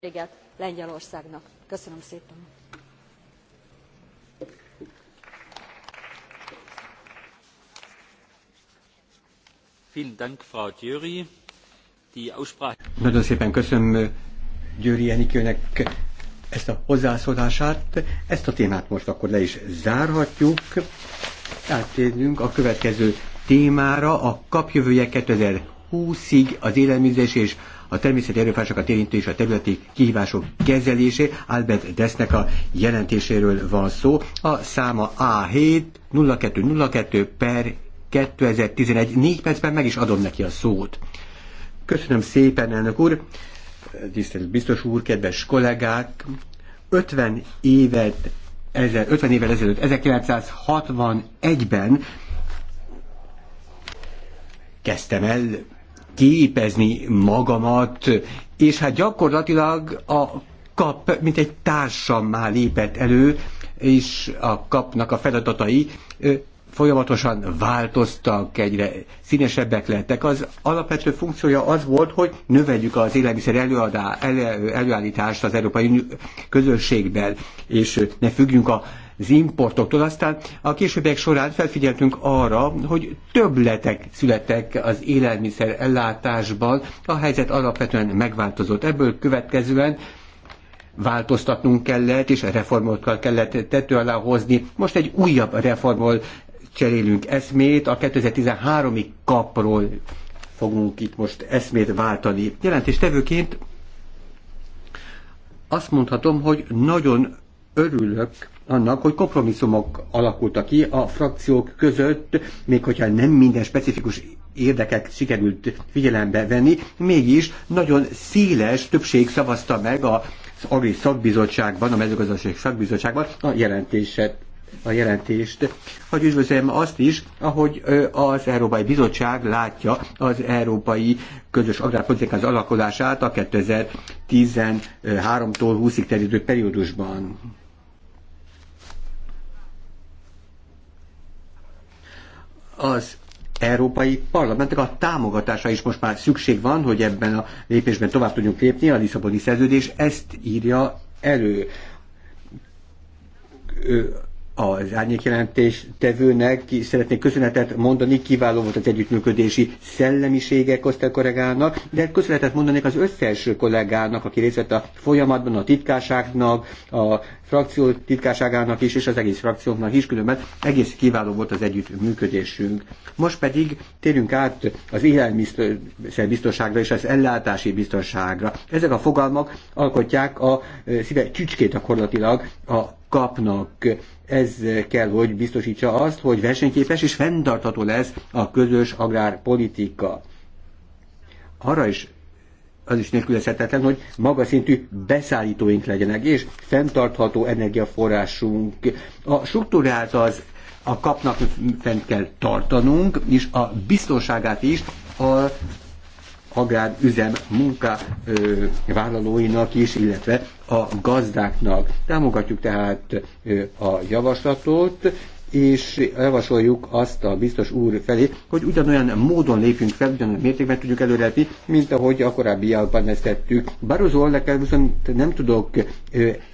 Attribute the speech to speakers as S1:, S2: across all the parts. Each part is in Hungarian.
S1: segtséget lengyelországnak. köszönöm szépen!
S2: Nagyon szépen köszönöm Győri Enikőnek ezt a hozzászólását. Ezt a témát most akkor le is zárhatjuk. Áttérünk a következő témára, a kapjövője 2020-ig az élelmiszer és a természeti erőfásokat érintő és a területi kihívások kezelésé. Albert Desznek a jelentéséről van szó. A száma A7 0202 per 2011. Négy percben meg is adom neki a szót. Köszönöm szépen, elnök úr, tisztelt biztos úr, kedves kollégák. 50 évet 50 évvel ezelőtt, 1961-ben kezdtem el képezni magamat, és hát gyakorlatilag a kap, mint egy társammá lépett elő, és a kapnak a feladatai folyamatosan változtak, egyre színesebbek lettek. Az alapvető funkciója az volt, hogy növeljük az élelmiszer előadá, elő, előállítást az Európai közösségben, és ne függjünk a az importoktól. Aztán a későbbiek során felfigyeltünk arra, hogy többletek születtek az élelmiszer ellátásban, a helyzet alapvetően megváltozott. Ebből következően változtatnunk kellett, és reformokkal kellett tető alá hozni. Most egy újabb reformról cserélünk eszmét, a 2013-ig kapról fogunk itt most eszmét váltani. Jelentéstevőként azt mondhatom, hogy nagyon örülök annak, hogy kompromisszumok alakultak ki a frakciók között, még hogyha nem minden specifikus érdekek sikerült figyelembe venni, mégis nagyon széles többség szavazta meg az Agri Szakbizottságban, a mezőgazdaság szakbizottságban a jelentéset a jelentést. Hogy üdvözlöm azt is, ahogy az Európai Bizottság látja az Európai Közös Agrárpolitikán az alakulását a 2013-tól 20-ig terjedő periódusban. az Európai Parlamentnek a támogatása is most már szükség van, hogy ebben a lépésben tovább tudjunk lépni, a Lisszaboni szerződés ezt írja elő az árnyékjelentés tevőnek ki szeretnék köszönetet mondani, kiváló volt az együttműködési szellemisége Kosztel kollégának, de köszönetet mondanék az összes kollégának, aki részt vett a folyamatban, a titkáságnak, a frakció titkáságának is, és az egész frakciónknak is, különben egész kiváló volt az együttműködésünk. Most pedig térjünk át az élelmiszerbiztonságra és az ellátási biztonságra. Ezek a fogalmak alkotják a szíve csücskét gyakorlatilag a kapnak. Ez kell, hogy biztosítsa azt, hogy versenyképes és fenntartható lesz a közös agrárpolitika. Arra is az is nélkülözhetetlen, hogy magas szintű beszállítóink legyenek, és fenntartható energiaforrásunk. A struktúrát az a kapnak fent kell tartanunk, és a biztonságát is a agrárüzem munkavállalóinak is, illetve a gazdáknak. Támogatjuk tehát a javaslatot, és javasoljuk azt a biztos úr felé, hogy ugyanolyan módon lépjünk fel, ugyanolyan mértékben tudjuk előrelépni, mint ahogy a korábbiakban ezt tettük. Barozó oldalakkal viszont nem tudok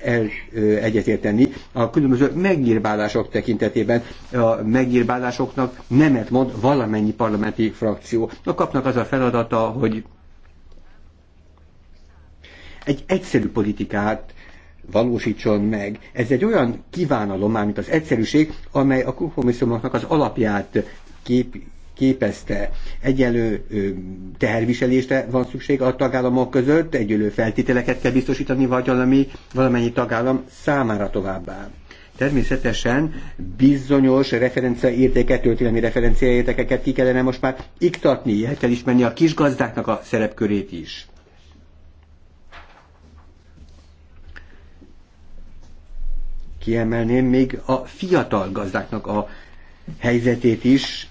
S2: el, egyetérteni a különböző megírbálások tekintetében. A megírbálásoknak nemet mond valamennyi parlamenti frakció. Na kapnak az a feladata, hogy egy egyszerű politikát valósítson meg. Ez egy olyan kívánalom, mint az egyszerűség, amely a kompromisszumoknak az alapját kép, képezte. Egyelő teherviselésre van szükség a tagállamok között, egyelő feltételeket kell biztosítani vagy valami, valamennyi tagállam számára továbbá. Természetesen bizonyos referenciaértéket, történelmi referenciaértékeket ki kellene most már iktatni, el kell ismerni a kisgazdáknak a szerepkörét is. kiemelném még a fiatal gazdáknak a helyzetét is,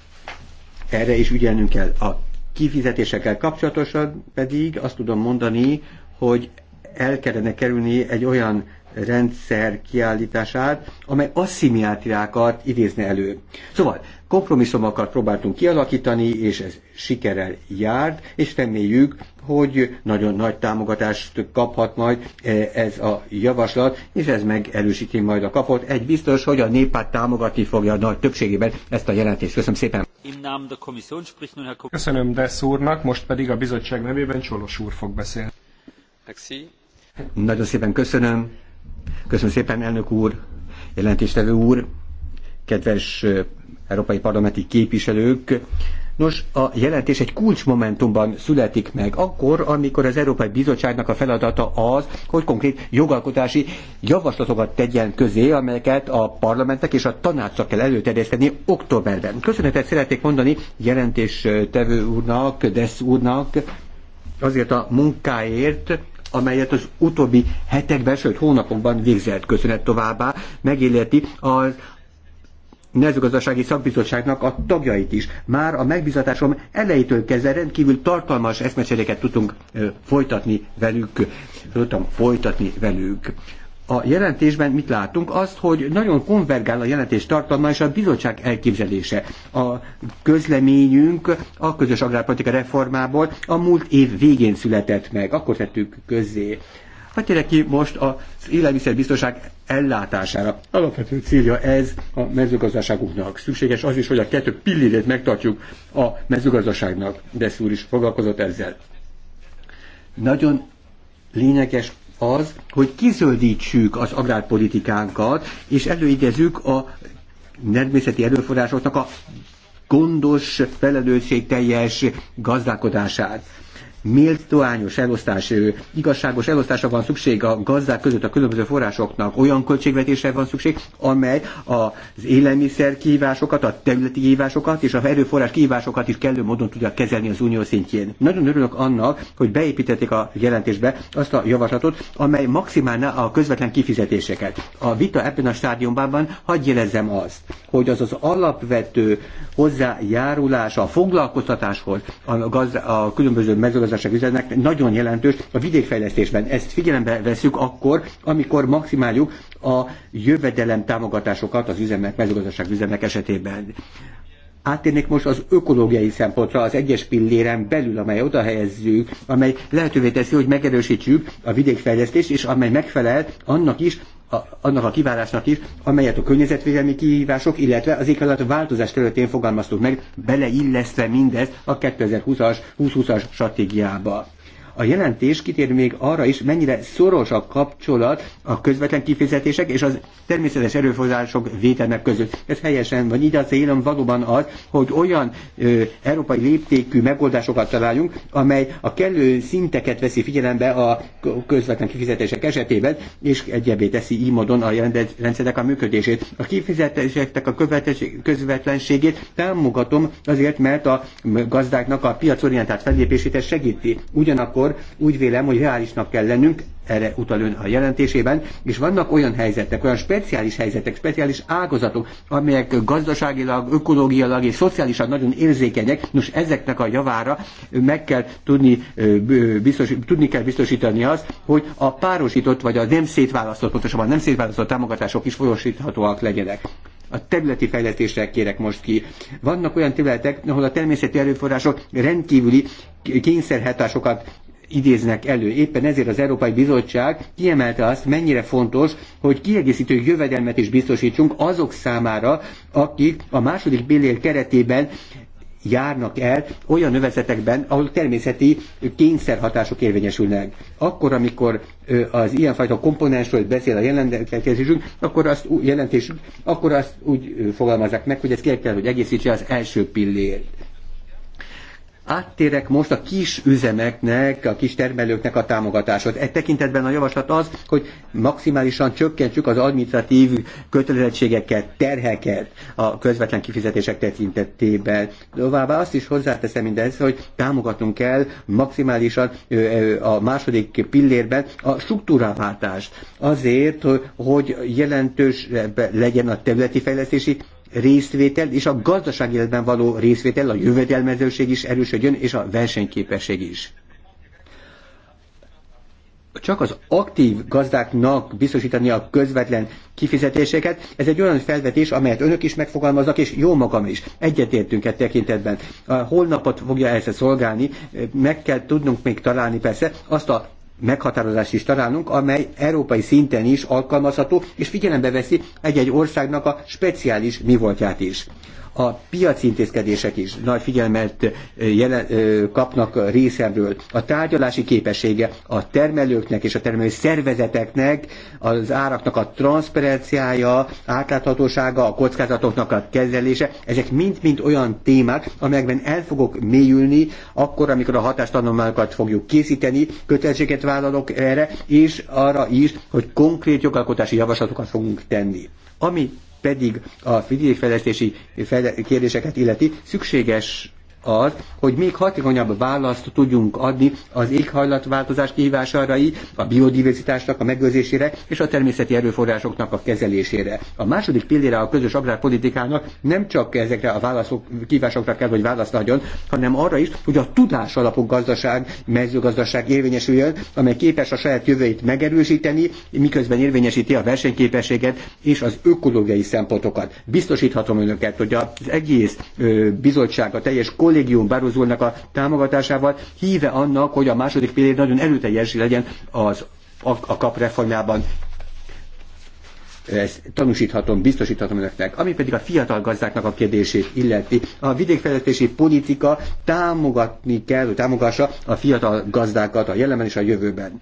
S2: erre is ügyelnünk kell. A kifizetésekkel kapcsolatosan pedig azt tudom mondani, hogy el kellene kerülni egy olyan rendszer kiállítását, amely asszimiátriákat idézne elő. Szóval kompromisszumokat próbáltunk kialakítani, és ez sikerrel járt, és reméljük, hogy nagyon nagy támogatást kaphat majd e, ez a javaslat, és ez megerősíti majd a kapot. Egy biztos, hogy a néppárt támogatni fogja a nagy többségében ezt a jelentést. Köszönöm szépen! Köszönöm Dess úrnak, most pedig a bizottság nevében Csolos úr fog beszélni. Merci. Nagyon szépen köszönöm. Köszönöm szépen, elnök úr, jelentéstevő úr, kedves európai parlamenti képviselők. Nos, a jelentés egy kulcsmomentumban születik meg, akkor, amikor az Európai Bizottságnak a feladata az, hogy konkrét jogalkotási javaslatokat tegyen közé, amelyeket a parlamentek és a tanácsok kell előterjeszteni októberben. Köszönetet szeretnék mondani tevő úrnak, Desz úrnak, azért a munkáért, amelyet az utóbbi hetekben, sőt hónapokban végzett köszönet továbbá, megilleti az mezőgazdasági szakbizottságnak a tagjait is. Már a megbizatásom elejétől kezdve rendkívül tartalmas eszmecseréket tudtunk folytatni velük, tudtam folytatni velük. A jelentésben mit látunk? Azt, hogy nagyon konvergál a jelentés tartalma és a bizottság elképzelése. A közleményünk a közös agrárpolitika reformából a múlt év végén született meg, akkor tettük közzé. Hát tényleg ki most az élelmiszerbiztonság ellátására. Alapvető célja ez a mezőgazdaságunknak. Szükséges az is, hogy a kettő pillérét megtartjuk a mezőgazdaságnak. De szúr is foglalkozott ezzel. Nagyon lényeges az, hogy kizöldítsük az agrárpolitikánkat, és előidezzük a természeti erőforrásoknak a gondos, felelősségteljes gazdálkodását méltóányos elosztás, igazságos elosztásra van szükség a gazdák között a különböző forrásoknak. Olyan költségvetésre van szükség, amely az élelmiszer kihívásokat, a területi kihívásokat és a erőforrás kihívásokat is kellő módon tudja kezelni az unió szintjén. Nagyon örülök annak, hogy beépítették a jelentésbe azt a javaslatot, amely maximálná a közvetlen kifizetéseket. A vita ebben a stádiumban hagyj jelezzem azt, hogy az az alapvető hozzájárulás a foglalkoztatáshoz a, gazda, a különböző mezőgazdasági mezőgazdaság üzletnek nagyon jelentős a vidékfejlesztésben. Ezt figyelembe veszük akkor, amikor maximáljuk a jövedelem támogatásokat az üzemek, mezőgazdaság üzemek esetében. Áttérnék most az ökológiai szempontra, az egyes pilléren belül, amely oda helyezzük, amely lehetővé teszi, hogy megerősítsük a vidékfejlesztést, és amely megfelel annak is, a, annak a kívánásnak is, amelyet a környezetvédelmi kihívások, illetve az éghajlat változás területén fogalmaztuk meg, beleillesztve mindez a 2020-as 2020-as stratégiába. A jelentés kitér még arra is, mennyire szoros a kapcsolat a közvetlen kifizetések és az természetes erőforrások vételnek között. Ez helyesen van, így az élem valóban az, hogy olyan ö, európai léptékű megoldásokat találjunk, amely a kellő szinteket veszi figyelembe a közvetlen kifizetések esetében, és egyebé teszi így módon a rendszerek a működését. A kifizetéseknek a közvetlenségét támogatom azért, mert a gazdáknak a piacorientált fellépését segíti. Ugyanakkor akkor úgy vélem, hogy reálisnak kell lennünk, erre utal ön a jelentésében, és vannak olyan helyzetek, olyan speciális helyzetek, speciális ágazatok, amelyek gazdaságilag, ökológiailag és szociálisan nagyon érzékenyek, nos ezeknek a javára meg kell tudni, biztos, tudni kell biztosítani az, hogy a párosított vagy a nem szétválasztott, pontosabban nem szétválasztott támogatások is folyosíthatóak legyenek a területi fejlesztésre kérek most ki. Vannak olyan területek, ahol a természeti erőforrások rendkívüli kényszerhatásokat idéznek elő. Éppen ezért az Európai Bizottság kiemelte azt, mennyire fontos, hogy kiegészítő jövedelmet is biztosítsunk azok számára, akik a második pillér keretében járnak el olyan növezetekben, ahol természeti kényszerhatások érvényesülnek. Akkor, amikor az ilyenfajta komponensről beszél a jelentkezésünk, akkor azt, jelentésünk, akkor azt úgy fogalmazzák meg, hogy ez kell, hogy egészítse az első pillért. Áttérek most a kis üzemeknek, a kis termelőknek a támogatásot. Egy tekintetben a javaslat az, hogy maximálisan csökkentsük az administratív kötelezettségeket, terheket a közvetlen kifizetések tekintetében. Továbbá azt is hozzáteszem mindez, hogy támogatnunk kell maximálisan a második pillérben a struktúráváltást. Azért, hogy jelentős legyen a területi fejlesztési részvétel és a gazdaság életben való részvétel, a jövedelmezőség is erősödjön, és a versenyképesség is csak az aktív gazdáknak biztosítani a közvetlen kifizetéseket. Ez egy olyan felvetés, amelyet önök is megfogalmaznak, és jó magam is. Egyetértünk e tekintetben. A holnapot fogja ezt szolgálni, meg kell tudnunk még találni persze azt a meghatározást is találnunk, amely európai szinten is alkalmazható, és figyelembe veszi egy-egy országnak a speciális mi voltját is. A piaci intézkedések is nagy figyelmet jelen, kapnak részemről. A tárgyalási képessége a termelőknek és a termelő szervezeteknek, az áraknak a transzperenciája, átláthatósága, a kockázatoknak a kezelése, ezek mind-mind olyan témák, amelyekben el fogok mélyülni, akkor, amikor a hatástanulmányokat fogjuk készíteni, kötelezséget vállalok erre, és arra is, hogy konkrét jogalkotási javaslatokat fogunk tenni. Ami pedig a vidékfejlesztési kérdéseket illeti, szükséges az, hogy még hatékonyabb választ tudjunk adni az éghajlatváltozás kihívásárai, a biodiverzitásnak a megőrzésére és a természeti erőforrásoknak a kezelésére. A második pillére a közös agrárpolitikának nem csak ezekre a válaszok, kívásokra kell, hogy választ adjon, hanem arra is, hogy a tudás alapú gazdaság, mezőgazdaság érvényesüljön, amely képes a saját jövőjét megerősíteni, miközben érvényesíti a versenyképességet és az ökológiai szempontokat. Biztosíthatom önöket, hogy az egész bizottság, a teljes kollégát, kollégium Barozónak a támogatásával híve annak, hogy a második pillér nagyon erőteljes legyen az a, a kap reformjában ezt tanúsíthatom, biztosíthatom önöknek. Ami pedig a fiatal gazdáknak a kérdését illeti, a vidékfejlesztési politika támogatni kell, hogy támogassa a fiatal gazdákat a jelenben és a jövőben.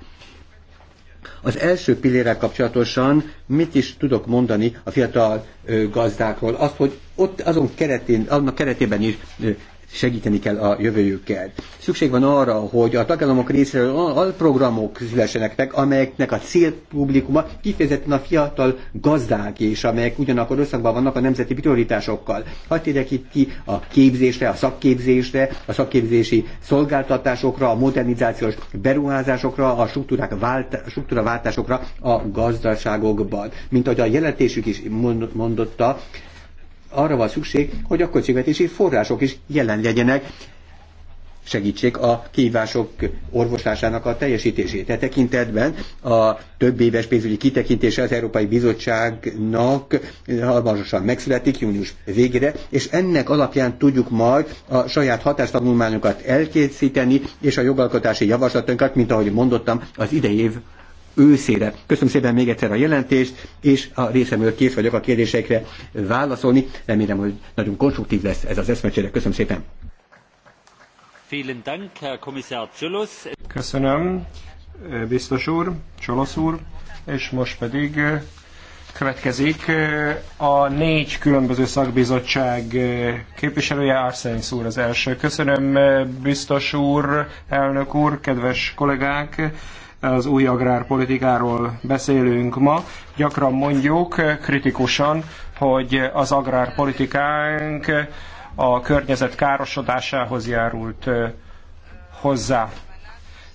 S2: Az első pillérrel kapcsolatosan mit is tudok mondani a fiatal gazdákról? Azt, hogy ott azon keretén, annak keretében is segíteni kell a jövőjükkel. Szükség van arra, hogy a tagállamok részéről alprogramok szülessenek meg, amelyeknek a célpublikuma kifejezetten a fiatal gazdák és amelyek ugyanakkor összhangban vannak a nemzeti prioritásokkal. Hadd térjek itt ki a képzésre, a szakképzésre, a szakképzési szolgáltatásokra, a modernizációs beruházásokra, a struktúrák vált, struktúraváltásokra a gazdaságokban. Mint ahogy a jelentésük is mondotta, arra van szükség, hogy a költségvetési források is jelen legyenek, segítsék a kívások orvoslásának a teljesítését. E tekintetben a több éves pénzügyi kitekintése az Európai Bizottságnak hamarosan megszületik június végére, és ennek alapján tudjuk majd a saját hatástanulmányokat elkészíteni, és a jogalkotási javaslatunkat, mint ahogy mondottam, az idei év őszére. Köszönöm szépen még egyszer a jelentést, és a részemről kész vagyok a kérdésekre válaszolni. Remélem, hogy nagyon konstruktív lesz ez az eszmecsére. Köszönöm szépen. Köszönöm, biztos úr, Csolosz úr,
S3: és most pedig eh, következik eh, a négy különböző szakbizottság eh, képviselője, Arsenis úr az első. Köszönöm, biztos úr, elnök úr, kedves kollégák! az új agrárpolitikáról beszélünk ma. Gyakran mondjuk kritikusan, hogy az agrárpolitikánk a környezet károsodásához járult hozzá,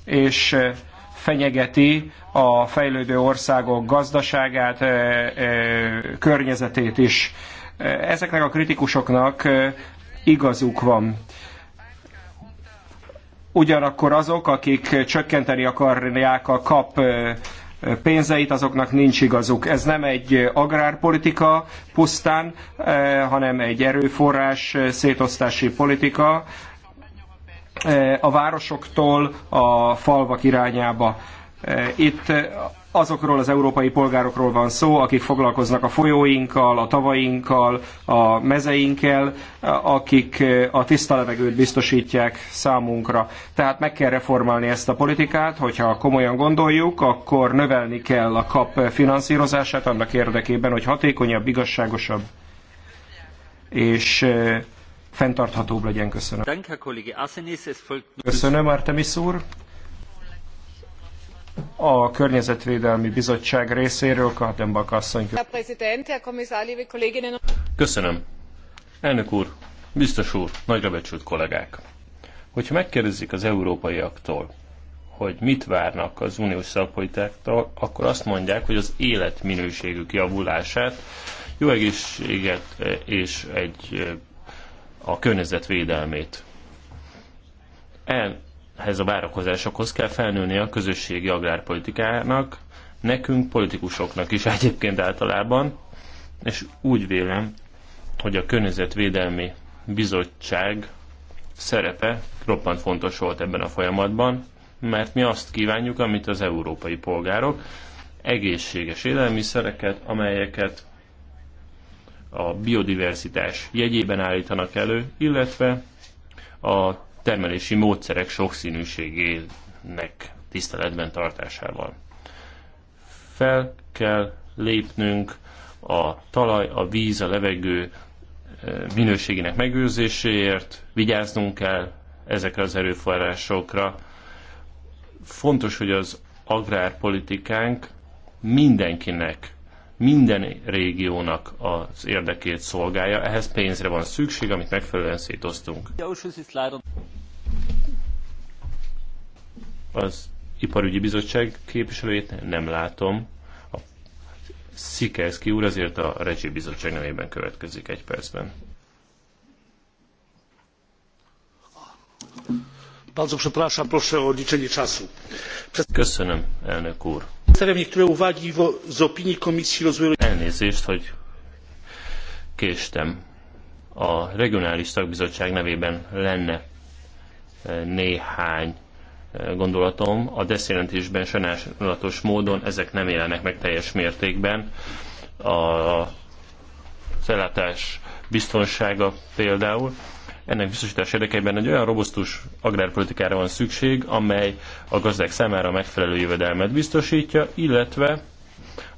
S3: és fenyegeti a fejlődő országok gazdaságát, környezetét is. Ezeknek a kritikusoknak igazuk van ugyanakkor azok, akik csökkenteni akarják a kap pénzeit, azoknak nincs igazuk. Ez nem egy agrárpolitika pusztán, hanem egy erőforrás szétosztási politika a városoktól a falvak irányába. Itt azokról az európai polgárokról van szó, akik foglalkoznak a folyóinkkal, a tavainkkal, a mezeinkkel, akik eh, a tiszta levegőt biztosítják számunkra. Tehát meg kell reformálni ezt a politikát, hogyha komolyan gondoljuk, akkor növelni kell a kap finanszírozását annak érdekében, hogy hatékonyabb, igazságosabb és eh, fenntarthatóbb legyen. Köszönöm. Köszönöm, Artemis úr a Környezetvédelmi Bizottság részéről Kardenbach asszony.
S4: Köszönöm. Elnök úr, biztos úr, nagyra becsült kollégák. Hogyha megkérdezik az európaiaktól, hogy mit várnak az uniós szakpolitáktól, akkor azt mondják, hogy az életminőségük javulását, jó egészséget eh, és egy eh, a környezetvédelmét. El, ehhez a várakozásokhoz kell felnőni a közösségi agrárpolitikának, nekünk, politikusoknak is egyébként általában, és úgy vélem, hogy a Környezetvédelmi Bizottság szerepe roppant fontos volt ebben a folyamatban, mert mi azt kívánjuk, amit az európai polgárok, egészséges élelmiszereket, amelyeket a biodiverzitás jegyében állítanak elő, illetve a termelési módszerek sokszínűségének tiszteletben tartásával. Fel kell lépnünk a talaj, a víz, a levegő eh, minőségének megőrzéséért, vigyáznunk kell ezekre az erőforrásokra. Fontos, hogy az agrárpolitikánk mindenkinek, minden régiónak az érdekét szolgálja. Ehhez pénzre van szükség, amit megfelelően szétoztunk az iparügyi bizottság képviselőjét nem látom. A Szikerszki úr azért a Recsi bizottság nevében következik egy percben. Köszönöm, elnök úr. Elnézést, hogy késtem. A regionális szakbizottság nevében lenne e, néhány gondolatom. A DESZ jelentésben sajnálatos módon ezek nem jelennek meg teljes mértékben. A ellátás biztonsága például. Ennek biztosítás érdekében egy olyan robusztus agrárpolitikára van szükség, amely a gazdák számára megfelelő jövedelmet biztosítja, illetve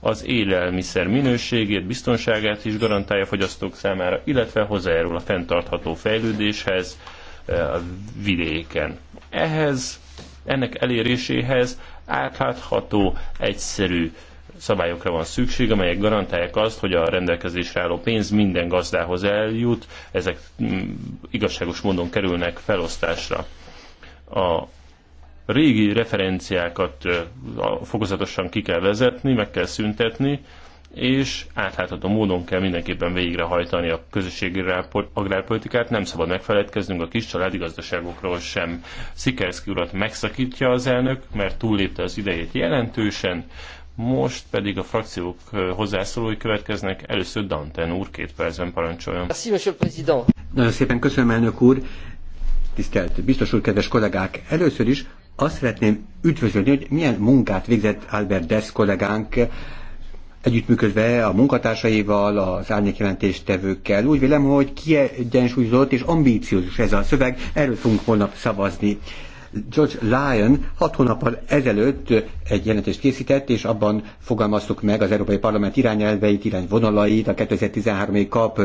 S4: az élelmiszer minőségét, biztonságát is garantálja a fogyasztók számára, illetve hozzájárul a fenntartható fejlődéshez eh, a vidéken. Ehhez ennek eléréséhez átlátható, egyszerű szabályokra van szükség, amelyek garantálják azt, hogy a rendelkezésre álló pénz minden gazdához eljut, ezek mm, igazságos módon kerülnek felosztásra. A régi referenciákat fokozatosan ki kell vezetni, meg kell szüntetni, és átlátható módon kell mindenképpen végrehajtani a közösségi agrárpolitikát, nem szabad megfeledkeznünk a kis családi gazdaságokról sem. Szikerszki urat megszakítja az elnök, mert túllépte az idejét jelentősen, most pedig a frakciók hozzászólói következnek, először Danten úr két percben parancsoljon.
S2: Nagyon szépen köszönöm, elnök úr, tisztelt biztos úr, kedves kollégák! Először is azt szeretném üdvözölni, hogy milyen munkát végzett Albert Dess kollégánk, együttműködve a munkatársaival, az árnyékjelentéstevőkkel. Úgy vélem, hogy kiegyensúlyozott és ambíciózus ez a szöveg, erről fogunk holnap szavazni. George Lyon hat hónappal ezelőtt egy jelentést készített, és abban fogalmaztuk meg az Európai Parlament irányelveit, irányvonalait a 2013-i kap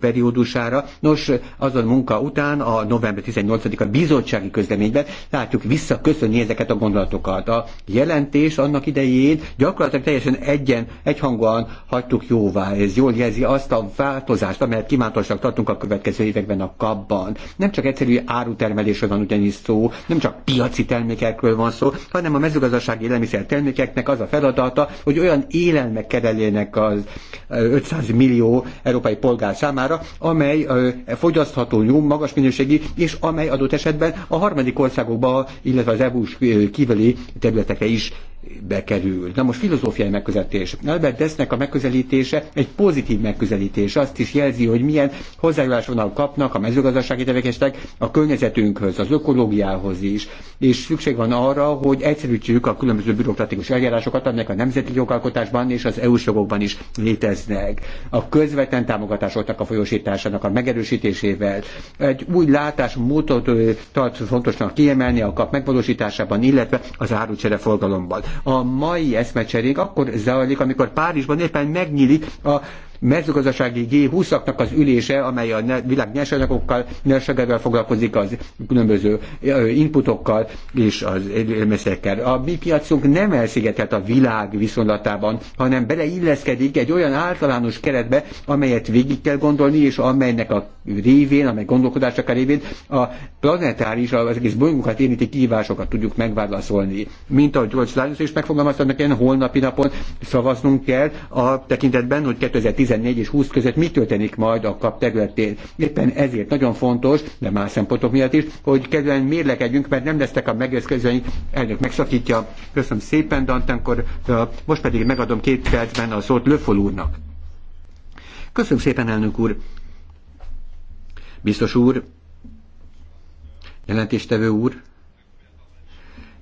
S2: periódusára. Nos, azon munka után a november 18-a bizottsági közleményben látjuk visszaköszönni ezeket a gondolatokat. A jelentés annak idején gyakorlatilag teljesen egyen, egyhangúan hagytuk jóvá. Ez jól jelzi azt a változást, amelyet kívántosnak tartunk a következő években a kapban. Nem csak egyszerű árutermelésről van ugyanis szó, nem csak piaci termékekről van szó, hanem a mezőgazdasági élelmiszer termékeknek az a feladata, hogy olyan élelmek kereljenek az 500 millió európai polgár számára, amely fogyasztható, jó, magas minőségi, és amely adott esetben a harmadik országokba, illetve az EU-s kívüli területekre is bekerül. Na most filozófiai megközelítés. Albert Desznek a megközelítése egy pozitív megközelítés. Azt is jelzi, hogy milyen hozzájárulásonal kapnak a mezőgazdasági tevékenységek a környezetünkhöz, az ökológiához is. És szükség van arra, hogy egyszerűsítsük a különböző bürokratikus eljárásokat, amelyek a nemzeti jogalkotásban és az EU-s jogokban is léteznek. A közvetlen támogatásoknak a folyosításának a megerősítésével egy új látásmódot tart fontosnak kiemelni a kap megvalósításában, illetve az árucsere forgalomban. A mai eszmecserénk akkor zajlik, amikor Párizsban éppen megnyílik a mezőgazdasági G20-aknak az ülése, amely a világ nyersanyagokkal, nyersanyagokkal foglalkozik az különböző inputokkal és az élelmiszerekkel. A mi piacunk nem elszigetelt a világ viszonylatában, hanem beleilleszkedik egy olyan általános keretbe, amelyet végig kell gondolni, és amelynek a révén, amely gondolkodásnak a révén a planetáris, az egész bolygókat érinti kihívásokat tudjuk megválaszolni. Mint ahogy George Lajos is megfogalmazta, nekem holnapi napon szavaznunk kell a tekintetben, hogy 2010 14 és 20 között mi történik majd a kap területén. Éppen ezért nagyon fontos, de más szempontok miatt is, hogy kedven mérlekedjünk, mert nem lesznek a megérkezőink. Elnök megszakítja. Köszönöm szépen, Dantankor. Most pedig megadom két percben a szót Löfol úrnak. Köszönöm szépen, elnök úr. Biztos úr, jelentéstevő úr,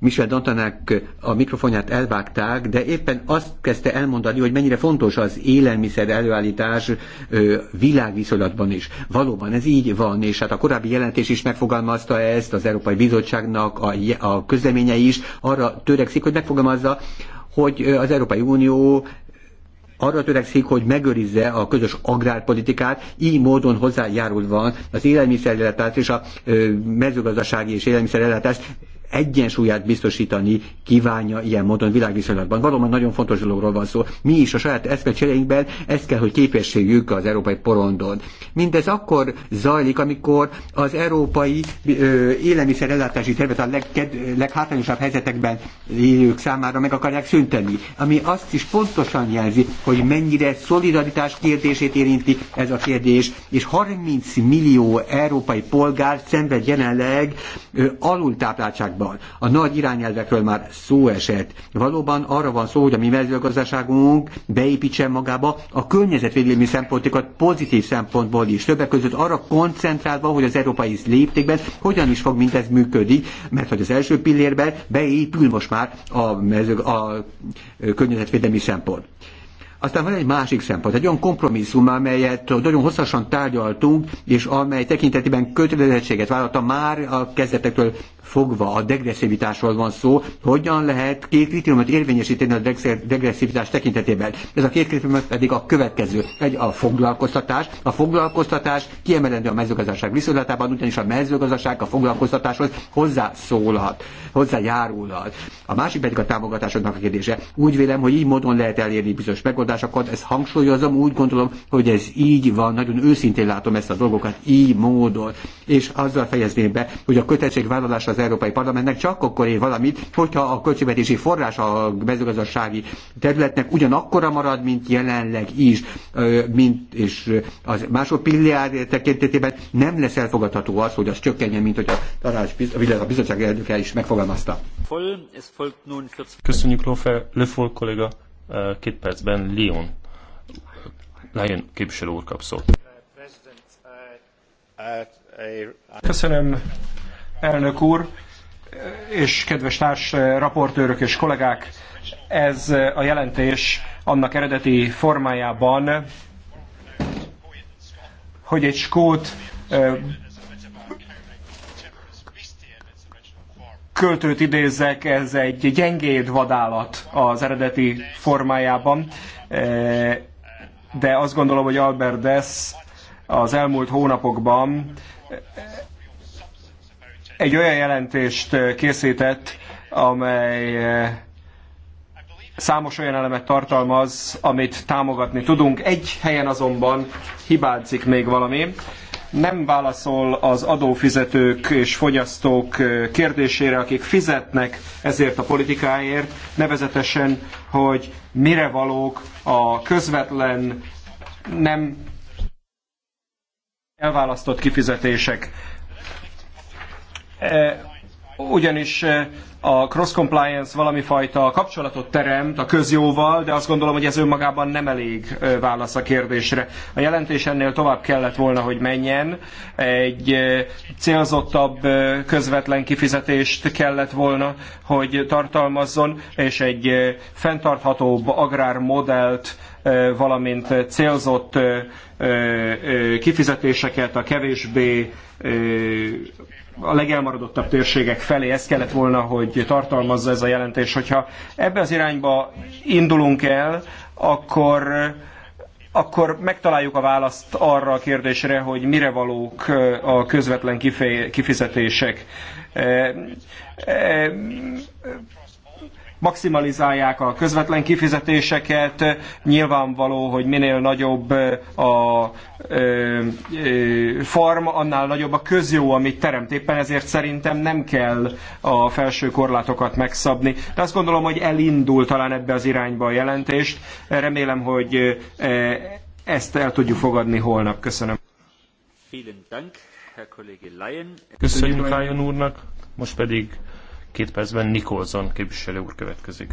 S2: Michel Dantanák a mikrofonját elvágták, de éppen azt kezdte elmondani, hogy mennyire fontos az élelmiszer előállítás világviszonylatban is. Valóban ez így van, és hát a korábbi jelentés is megfogalmazta ezt, az Európai Bizottságnak a, a közleménye is arra törekszik, hogy megfogalmazza, hogy az Európai Unió arra törekszik, hogy megőrizze a közös agrárpolitikát, így módon hozzájárulva az élelmiszerellátás és a mezőgazdasági és élelmiszerellátás egyensúlyát biztosítani kívánja ilyen módon világviszonylatban. Valóban nagyon fontos dologról van szó. Mi is a saját eszmecseréinkben ezt kell, hogy képességjük az európai porondon. Mindez akkor zajlik, amikor az európai ö, élelmiszerellátási tervet a legked, leghátrányosabb helyzetekben élők számára meg akarják szünteni, ami azt is pontosan jelzi, hogy mennyire szolidaritás kérdését érinti ez a kérdés, és 30 millió európai polgár szenved jelenleg alultápláltságban kapcsolatban. A nagy irányelvekről már szó esett. Valóban arra van szó, hogy a mi mezőgazdaságunk beépítsen magába a környezetvédelmi szempontokat pozitív szempontból is. Többek között arra koncentrálva, hogy az európai léptékben hogyan is fog mindez működni, mert hogy az első pillérben beépül most már a, mezőg, a környezetvédelmi szempont. Aztán van egy másik szempont, egy olyan kompromisszum, amelyet nagyon hosszasan tárgyaltunk, és amely tekintetében kötelezettséget vállalta már a kezdetektől fogva a degresszivitásról van szó, hogyan lehet két kritériumot érvényesíteni a degresszivitás tekintetében. Ez a két kritérium pedig a következő. Egy a foglalkoztatás. A foglalkoztatás kiemelendő a mezőgazdaság viszonylatában, ugyanis a mezőgazdaság a foglalkoztatáshoz hozzászólhat, hozzájárulhat. A másik pedig a támogatásoknak a kérdése. Úgy vélem, hogy így módon lehet elérni bizonyos megoldást, megoldásokat, ezt hangsúlyozom, úgy gondolom, hogy ez így van, nagyon őszintén látom ezt a dolgokat, így módon. És azzal fejezném be, hogy a kötelezettségvállalás az Európai Parlamentnek csak akkor ér valamit, hogyha a költségvetési forrás a mezőgazdasági területnek ugyanakkora marad, mint jelenleg is, mint, és az mások pillár tekintetében nem lesz elfogadható az, hogy az csökkenjen, mint hogy a tanács, a bizottság elnöke is megfogalmazta.
S4: Köszönjük, Lofe, Lefol kolléga. Két percben Lyon, Lyon képviselő úr kap szót.
S3: Köszönöm, elnök úr, és kedves társ raportőrök és kollégák, ez a jelentés annak eredeti formájában, hogy egy skót költőt idézzek, ez egy gyengéd vadállat az eredeti formájában, e, de azt gondolom, hogy Albert Dess az elmúlt hónapokban egy olyan jelentést készített, amely e, számos olyan elemet tartalmaz, amit támogatni tudunk. Egy helyen azonban hibázik még valami nem válaszol az adófizetők és fogyasztók kérdésére, akik fizetnek ezért a politikáért, nevezetesen, hogy mire valók a közvetlen nem elválasztott kifizetések. Ugyanis a cross-compliance valami fajta kapcsolatot teremt a közjóval, de azt gondolom, hogy ez önmagában nem elég válasz a kérdésre. A jelentés ennél tovább kellett volna, hogy menjen. Egy célzottabb közvetlen kifizetést kellett volna, hogy tartalmazzon, és egy fenntarthatóbb agrármodellt valamint célzott kifizetéseket a kevésbé a legelmaradottabb térségek felé. Ez kellett volna, hogy tartalmazza ez a jelentés. Hogyha ebbe az irányba indulunk el, akkor akkor megtaláljuk a választ arra a kérdésre, hogy mire valók a közvetlen kifizetések maximalizálják a közvetlen kifizetéseket, nyilvánvaló, hogy minél nagyobb a farm, annál nagyobb a közjó, amit teremt. Éppen ezért szerintem nem kell a felső korlátokat megszabni. De azt gondolom, hogy elindul talán ebbe az irányba a jelentést. Remélem, hogy ezt el tudjuk fogadni holnap. Köszönöm. Köszönjük Lion úrnak, most
S4: pedig Két percben Nicholson képviselő úr következik.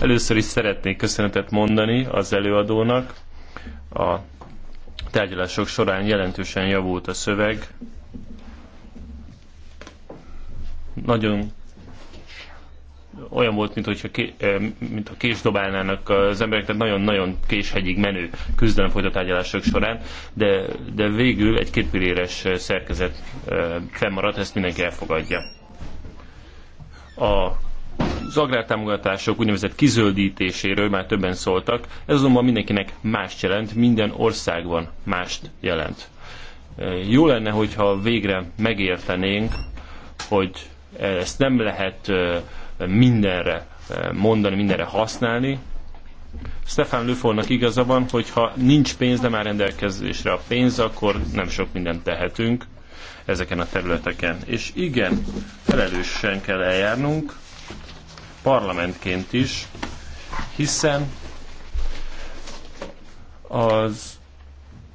S4: Először is szeretnék köszönetet mondani az előadónak. A tárgyalások során jelentősen javult a szöveg. Nagyon olyan volt, hogyha ké, mint a kés dobálnának az emberek, tehát nagyon-nagyon késhegyig menő küzdelem folytott tárgyalások során, de, de végül egy kétpilléres szerkezet fennmaradt, ezt mindenki elfogadja. A az agrártámogatások úgynevezett kizöldítéséről már többen szóltak, ez azonban mindenkinek mást jelent, minden országban mást jelent. Jó lenne, hogyha végre megértenénk, hogy ezt nem lehet uh, mindenre eh, mondani, mindenre használni. Stefan Lüfornak igaza van, ha nincs pénz, de már rendelkezésre a pénz, akkor nem sok mindent tehetünk ezeken a területeken. És igen, felelősen kell eljárnunk, parlamentként is, hiszen az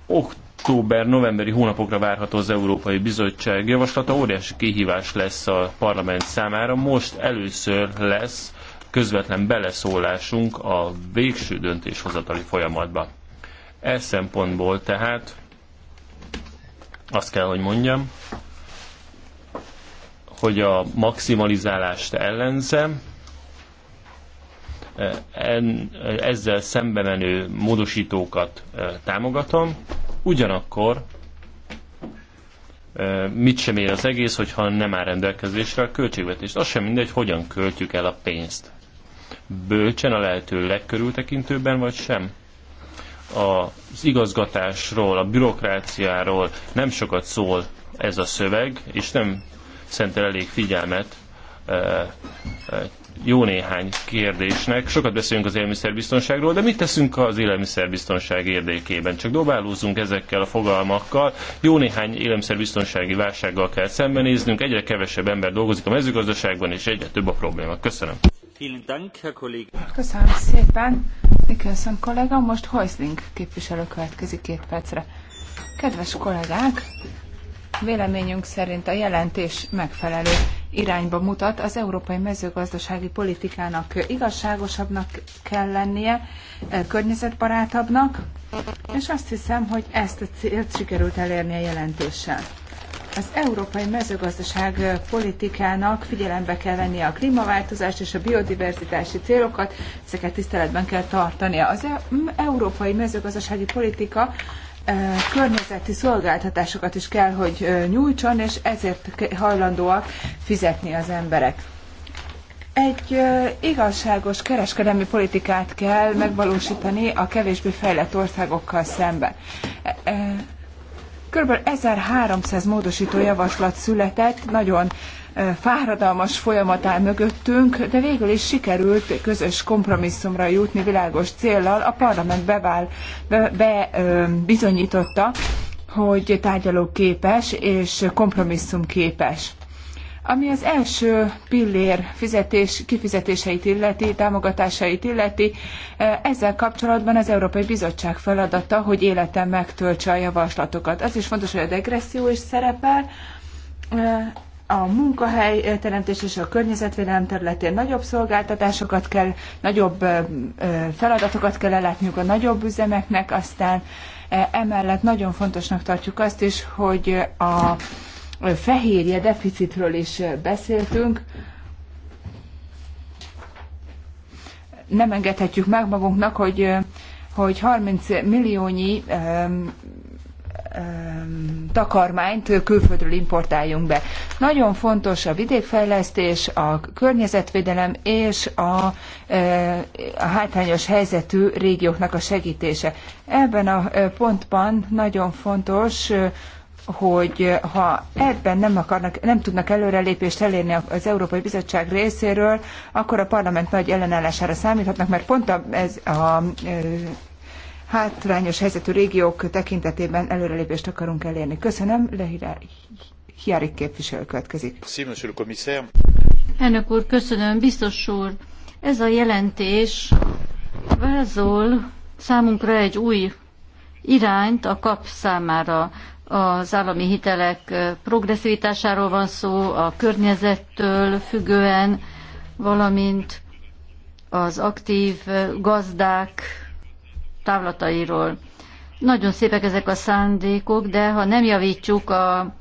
S4: okt október, novemberi hónapokra várható az Európai Bizottság javaslata óriási kihívás lesz a parlament számára. Most először lesz közvetlen beleszólásunk a végső döntéshozatali folyamatba. E szempontból tehát azt kell, hogy mondjam, hogy a maximalizálást ellenzem, e, ezzel szembe menő módosítókat e, támogatom, Ugyanakkor e, mit sem ér az egész, hogyha nem áll rendelkezésre a költségvetést. Az sem mindegy, hogyan költjük el a pénzt. Bölcsen a lehető legkörültekintőbben, vagy sem? Az igazgatásról, a bürokráciáról nem sokat szól ez a szöveg, és nem szentel elég figyelmet e, jó néhány kérdésnek. Sokat beszélünk az élelmiszerbiztonságról, de mit teszünk az élelmiszerbiztonság érdekében? Csak dobálózunk ezekkel a fogalmakkal. Jó néhány élelmiszerbiztonsági válsággal kell szembenéznünk. Egyre kevesebb ember dolgozik a mezőgazdaságban, és egyre több a probléma. Köszönöm.
S5: Köszönöm szépen. köszönöm, kollega, most Hoisling képviselő következik két percre. Kedves kollégák, véleményünk szerint a jelentés megfelelő irányba mutat. Az európai mezőgazdasági politikának igazságosabbnak kell lennie, eh, környezetbarátabbnak, és azt hiszem, hogy ezt a célt sikerült elérni a jelentéssel. Az európai mezőgazdaság eh, politikának figyelembe kell vennie a klímaváltozást és a biodiverzitási célokat, ezeket tiszteletben kell tartania. Az eh, európai mezőgazdasági politika környezeti szolgáltatásokat is kell, hogy nyújtson, és ezért hajlandóak fizetni az emberek. Egy igazságos kereskedelmi politikát kell megvalósítani a kevésbé fejlett országokkal szemben. E, e, körülbelül 1300 módosító javaslat született, nagyon fáradalmas folyamat áll mögöttünk, de végül is sikerült közös kompromisszumra jutni világos céllal. A parlament bevál, be, be bizonyította, hogy tárgyalóképes és kompromisszumképes. Ami az első pillér fizetés, kifizetéseit illeti, támogatásait illeti, ezzel kapcsolatban az Európai Bizottság feladata, hogy életen megtöltse a javaslatokat. Az is fontos, hogy a degresszió is szerepel, a munkahely teremtés és a környezetvédelem területén nagyobb szolgáltatásokat kell, nagyobb feladatokat kell ellátniuk a nagyobb üzemeknek, aztán emellett nagyon fontosnak tartjuk azt is, hogy a fehérje deficitről is beszéltünk, nem engedhetjük meg magunknak, hogy hogy 30 milliónyi Ehm, takarmányt külföldről importáljunk be. Nagyon fontos a vidékfejlesztés, a környezetvédelem és a, eh, a hátrányos helyzetű régióknak a segítése. Ebben a eh, pontban nagyon fontos, eh, hogy ha ebben nem, akarnak, nem tudnak előrelépést elérni az Európai Bizottság részéről, akkor a parlament nagy ellenállására számíthatnak, mert pont a, ez a hátrányos helyzetű régiók tekintetében előrelépést akarunk elérni. Köszönöm, Lehirá Hiárik képviselő következik.
S6: Elnök úr, köszönöm, biztos úr. Ez a jelentés vázol számunkra egy új irányt a kap számára. Az állami hitelek progresszivitásáról van szó, a környezettől függően, valamint az aktív gazdák távlatairól. Nagyon szépek ezek a szándékok, de ha nem javítjuk a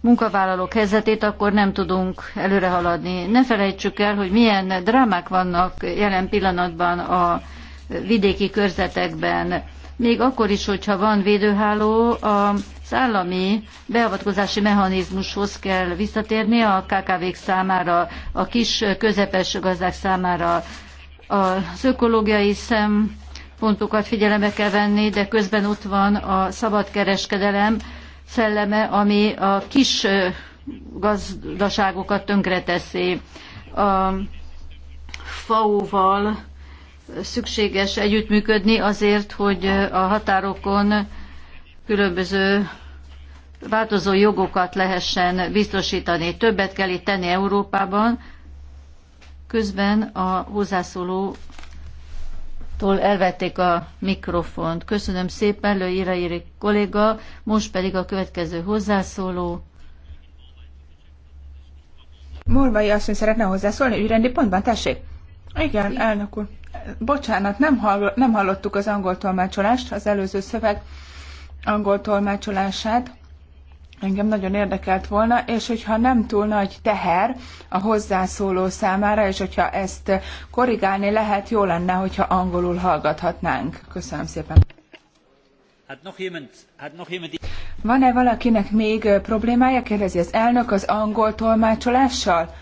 S6: munkavállalók helyzetét, akkor nem tudunk előre haladni. Ne felejtsük el, hogy milyen drámák vannak jelen pillanatban a vidéki körzetekben. Még akkor is, hogyha van védőháló, az állami beavatkozási mechanizmushoz kell visszatérni a kkv számára, a kis közepes gazdák számára. Az ökológiai szem pontokat figyelembe kell venni, de közben ott van a szabadkereskedelem szelleme, ami a kis gazdaságokat tönkreteszi. A FAO-val szükséges együttműködni azért, hogy a határokon különböző változó jogokat lehessen biztosítani. Többet kell itt tenni Európában, közben a hozzászóló tól elvették a mikrofont. Köszönöm szépen, Lő Iraíri kolléga, most pedig a következő hozzászóló. Morvai mondja, szeretne hozzászólni ügyrendi pontban, tessék?
S5: Igen, elnök úr. Bocsánat, nem, hall, nem hallottuk az angol tolmácsolást, az előző szöveg angol tolmácsolását engem nagyon érdekelt volna, és hogyha nem túl nagy teher a hozzászóló számára, és hogyha ezt korrigálni lehet, jó lenne, hogyha angolul hallgathatnánk. Köszönöm szépen.
S7: Hát hát
S5: Van-e valakinek még problémája, kérdezi az elnök, az angol tolmácsolással?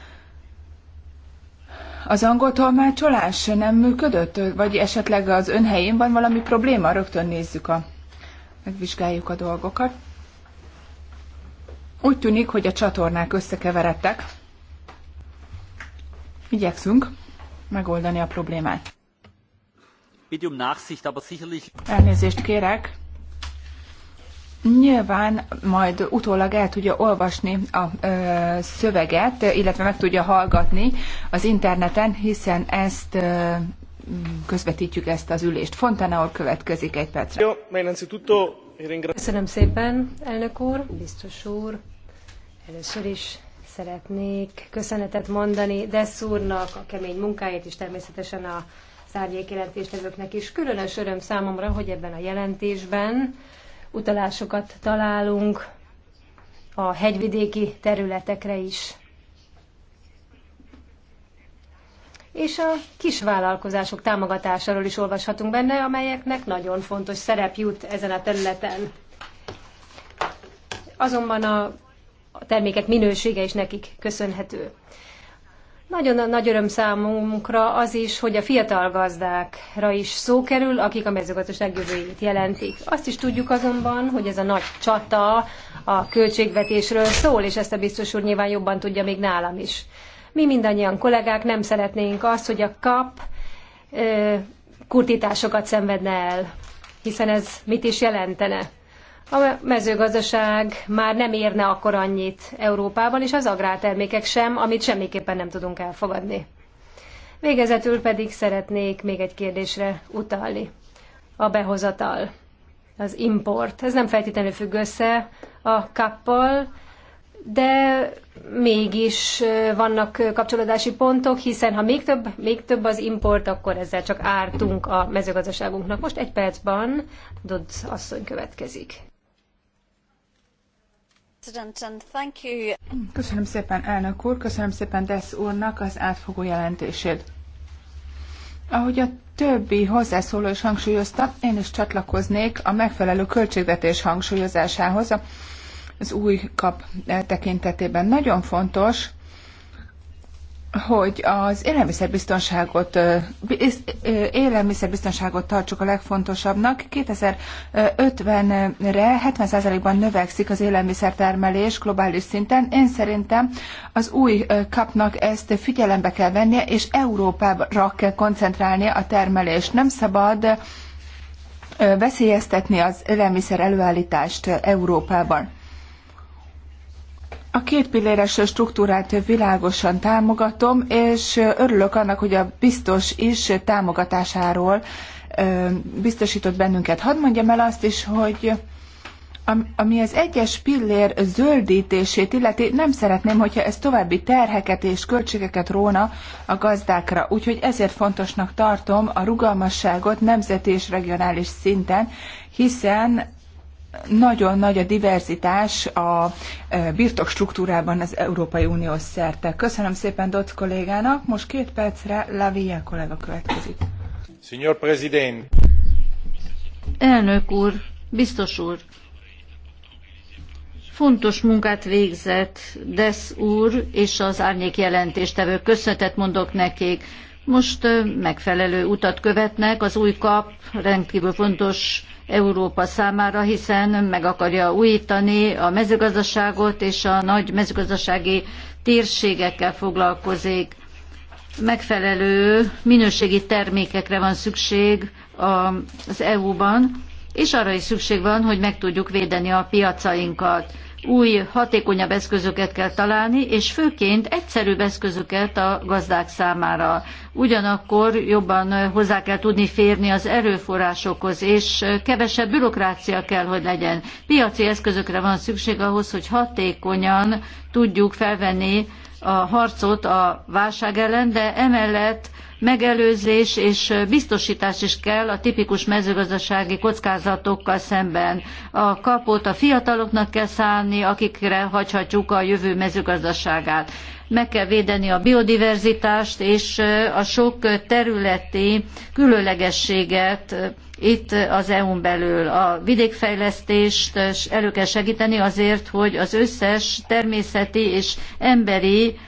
S5: Az angol tolmácsolás nem működött, vagy esetleg az ön helyén van valami probléma? Rögtön nézzük a, megvizsgáljuk a dolgokat. Úgy tűnik, hogy a csatornák összekeveredtek. Igyekszünk megoldani a problémát.
S7: Um Elnézést kérek.
S5: Nyilván majd utólag el tudja olvasni a ö, szöveget, illetve meg tudja hallgatni az interneten, hiszen ezt ö, közvetítjük ezt az ülést. Fontana úr következik egy percre.
S1: Köszönöm szépen, elnök úr, biztos úr. Először is szeretnék köszönetet mondani Desszúrnak a kemény munkáját, és természetesen a szárnyék jelentéstevőknek is. Különös öröm számomra, hogy ebben a jelentésben utalásokat találunk a hegyvidéki területekre is. És a kisvállalkozások támogatásáról is olvashatunk benne, amelyeknek nagyon fontos szerep jut ezen a területen. Azonban a termékek minősége is nekik köszönhető. Nagyon nagy öröm számunkra az is, hogy a fiatal gazdákra is szó kerül, akik a mezőgazdaság jövőjét jelentik. Azt is tudjuk azonban, hogy ez a nagy csata a költségvetésről szól, és ezt a biztos úr nyilván jobban tudja még nálam is. Mi mindannyian kollégák nem szeretnénk azt, hogy a kap ö, kurtításokat szenvedne el, hiszen ez mit is jelentene? a mezőgazdaság már nem érne akkor annyit Európában, és az agrártermékek sem, amit semmiképpen nem tudunk elfogadni. Végezetül pedig szeretnék még egy kérdésre utalni. A behozatal, az import. Ez nem feltétlenül függ össze a kappal, de mégis vannak kapcsolódási pontok, hiszen ha még több, még több az import, akkor ezzel csak ártunk a mezőgazdaságunknak. Most egy percben Dodd asszony következik.
S5: Köszönöm szépen, elnök úr, köszönöm szépen Dess úrnak az átfogó jelentését. Ahogy a többi hozzászóló is hangsúlyozta, én is csatlakoznék a megfelelő költségvetés hangsúlyozásához az új kap tekintetében. Nagyon fontos, hogy az élelmiszerbiztonságot, élelmiszerbiztonságot tartsuk a legfontosabbnak. 2050-re 70%-ban növekszik az élelmiszertermelés globális szinten. Én szerintem az új kapnak ezt figyelembe kell vennie, és Európára kell koncentrálni a termelést. Nem szabad veszélyeztetni az élelmiszer előállítást Európában. A két pilléres struktúrát világosan támogatom, és örülök annak, hogy a biztos is támogatásáról biztosított bennünket. Hadd mondjam el azt is, hogy ami az egyes pillér zöldítését illeti, nem szeretném, hogyha ez további terheket és költségeket róna a gazdákra. Úgyhogy ezért fontosnak tartom a rugalmasságot nemzeti és regionális szinten, hiszen nagyon nagy a diverzitás a e, birtokstruktúrában az Európai Unió szerte. Köszönöm szépen Dott kollégának, most két percre Lavia
S6: kollega következik.
S7: Signor President.
S6: Elnök úr, biztos úr, fontos munkát végzett Desz úr és az árnyék jelentéstevő. Köszönetet mondok nekik most megfelelő utat követnek, az új kap rendkívül fontos Európa számára, hiszen meg akarja újítani a mezőgazdaságot, és a nagy mezőgazdasági térségekkel foglalkozik. Megfelelő minőségi termékekre van szükség az EU-ban, és arra is szükség van, hogy meg tudjuk védeni a piacainkat új, hatékonyabb eszközöket kell találni, és főként egyszerűbb eszközöket a gazdák számára. Ugyanakkor jobban hozzá kell tudni férni az erőforrásokhoz, és kevesebb bürokrácia kell, hogy legyen. Piaci eszközökre van szükség ahhoz, hogy hatékonyan tudjuk felvenni a harcot a válság ellen, de emellett megelőzés és biztosítás is kell a tipikus mezőgazdasági kockázatokkal szemben. A kapot a fiataloknak kell szállni, akikre hagyhatjuk a jövő mezőgazdaságát. Meg kell védeni a biodiverzitást és a sok területi különlegességet itt az EU-n belül. A vidékfejlesztést elő kell segíteni azért, hogy az összes természeti és emberi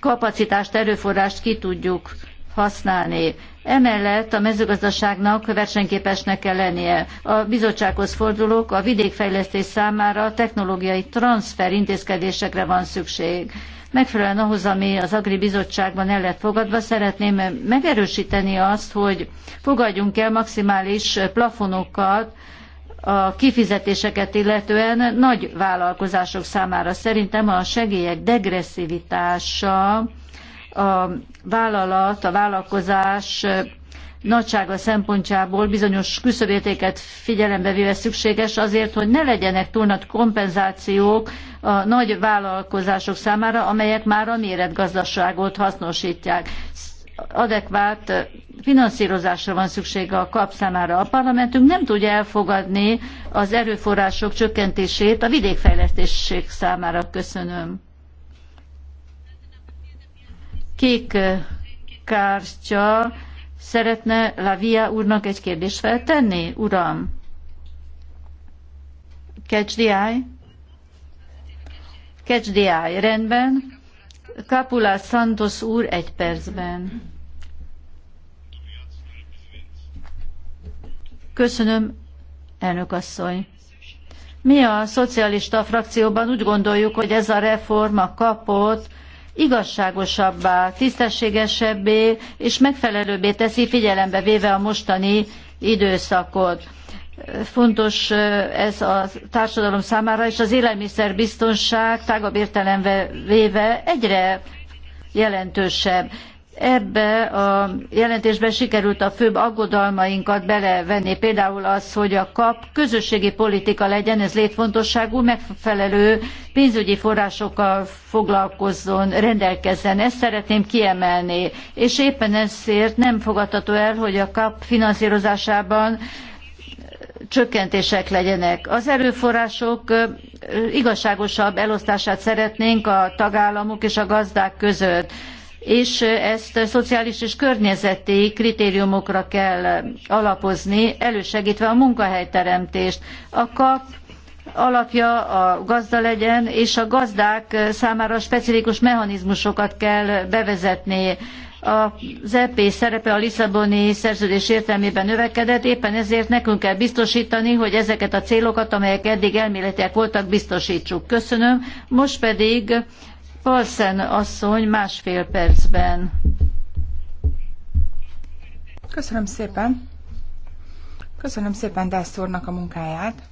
S6: kapacitást, erőforrást ki tudjuk használni. Emellett a mezőgazdaságnak versenyképesnek kell lennie. A bizottsághoz fordulók a vidékfejlesztés számára technológiai transfer intézkedésekre van szükség. Megfelelően ahhoz, ami az Agri Bizottságban el lett fogadva, szeretném megerősíteni azt, hogy fogadjunk el maximális plafonokat, a kifizetéseket illetően nagy vállalkozások számára szerintem a segélyek degresszivitása a vállalat, a vállalkozás nagysága szempontjából bizonyos küszöbértéket figyelembe véve szükséges azért, hogy ne legyenek túl nagy kompenzációk a nagy vállalkozások számára, amelyek már a méretgazdaságot hasznosítják. Adekvát finanszírozásra van szüksége a kap számára. A parlamentünk nem tudja elfogadni az erőforrások csökkentését a vidékfejlesztéség számára. Köszönöm kék kártya szeretne Lavia úrnak egy kérdést feltenni, uram? Catch the eye. Catch the eye. Rendben. kapula, Santos úr egy percben. Köszönöm, elnök asszony. Mi a szocialista frakcióban úgy gondoljuk, hogy ez a reforma kapott igazságosabbá, tisztességesebbé és megfelelőbbé teszi, figyelembe véve a mostani időszakot. Fontos ez a társadalom számára, és az élelmiszerbiztonság tágabb értelemben véve egyre jelentősebb. Ebbe a jelentésbe sikerült a főbb aggodalmainkat belevenni, például az, hogy a kap közösségi politika legyen, ez létfontosságú, megfelelő pénzügyi forrásokkal foglalkozzon, rendelkezzen. Ezt szeretném kiemelni. És éppen ezért nem fogadható el, hogy a kap finanszírozásában csökkentések legyenek. Az erőforrások igazságosabb elosztását szeretnénk a tagállamok és a gazdák között és ezt szociális és környezeti kritériumokra kell alapozni, elősegítve a munkahelyteremtést. A kap alapja a gazda legyen, és a gazdák számára specifikus mechanizmusokat kell bevezetni. Az EP szerepe a Lisszaboni szerződés értelmében növekedett, éppen ezért nekünk kell biztosítani, hogy ezeket a célokat, amelyek eddig elméletiek voltak, biztosítsuk. Köszönöm. Most pedig Palszen asszony másfél percben. Köszönöm szépen. Köszönöm szépen Dász úrnak a
S5: munkáját.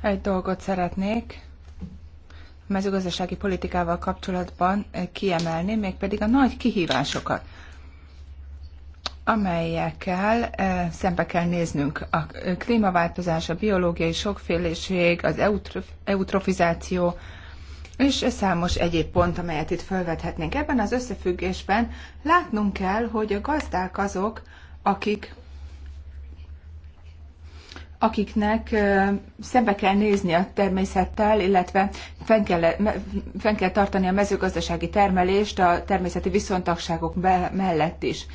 S5: Egy dolgot szeretnék a mezőgazdasági politikával kapcsolatban kiemelni, mégpedig a nagy kihívásokat, amelyekkel eh, szembe kell néznünk. A klímaváltozás, a biológiai sokféleség, az eutrofizáció, és számos egyéb pont, amelyet itt felvethetnénk. Ebben az összefüggésben látnunk kell, hogy a gazdák azok, akik akiknek szembe kell nézni a természettel, illetve fenn kell, fenn kell tartani a mezőgazdasági termelést a természeti viszontagságok mellett is.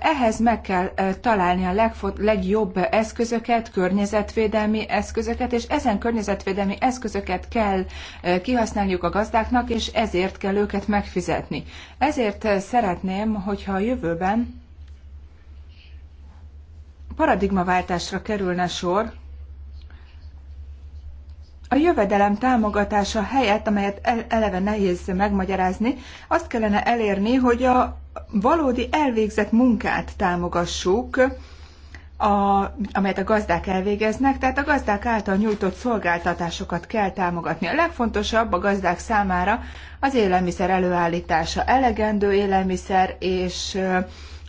S5: Ehhez meg kell találni a legjobb eszközöket, környezetvédelmi eszközöket, és ezen környezetvédelmi eszközöket kell kihasználniuk a gazdáknak, és ezért kell őket megfizetni. Ezért szeretném, hogyha a jövőben paradigmaváltásra kerülne sor, a jövedelem támogatása helyett, amelyet e- eleve nehéz megmagyarázni, azt kellene elérni, hogy a valódi elvégzett munkát támogassuk, a, amelyet a gazdák elvégeznek, tehát a gazdák által nyújtott szolgáltatásokat kell támogatni. A legfontosabb a gazdák számára az élelmiszer előállítása, elegendő élelmiszer és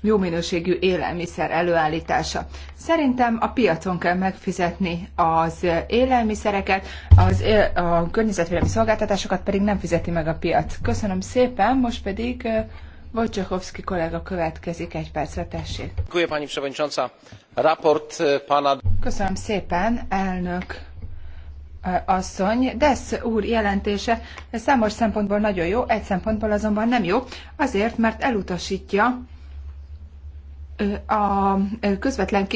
S5: jó minőségű élelmiszer előállítása. Szerintem a piacon kell megfizetni az élelmiszereket, az, a környezetvédelmi szolgáltatásokat pedig nem fizeti meg a piac. Köszönöm szépen, most pedig Wojciechowski kollega következik egy percre, tessék.
S2: E,
S5: Köszönöm szépen, elnök e, asszony. Desz úr jelentése számos szempontból nagyon jó, egy szempontból azonban nem jó, azért, mert elutasítja a közvetlen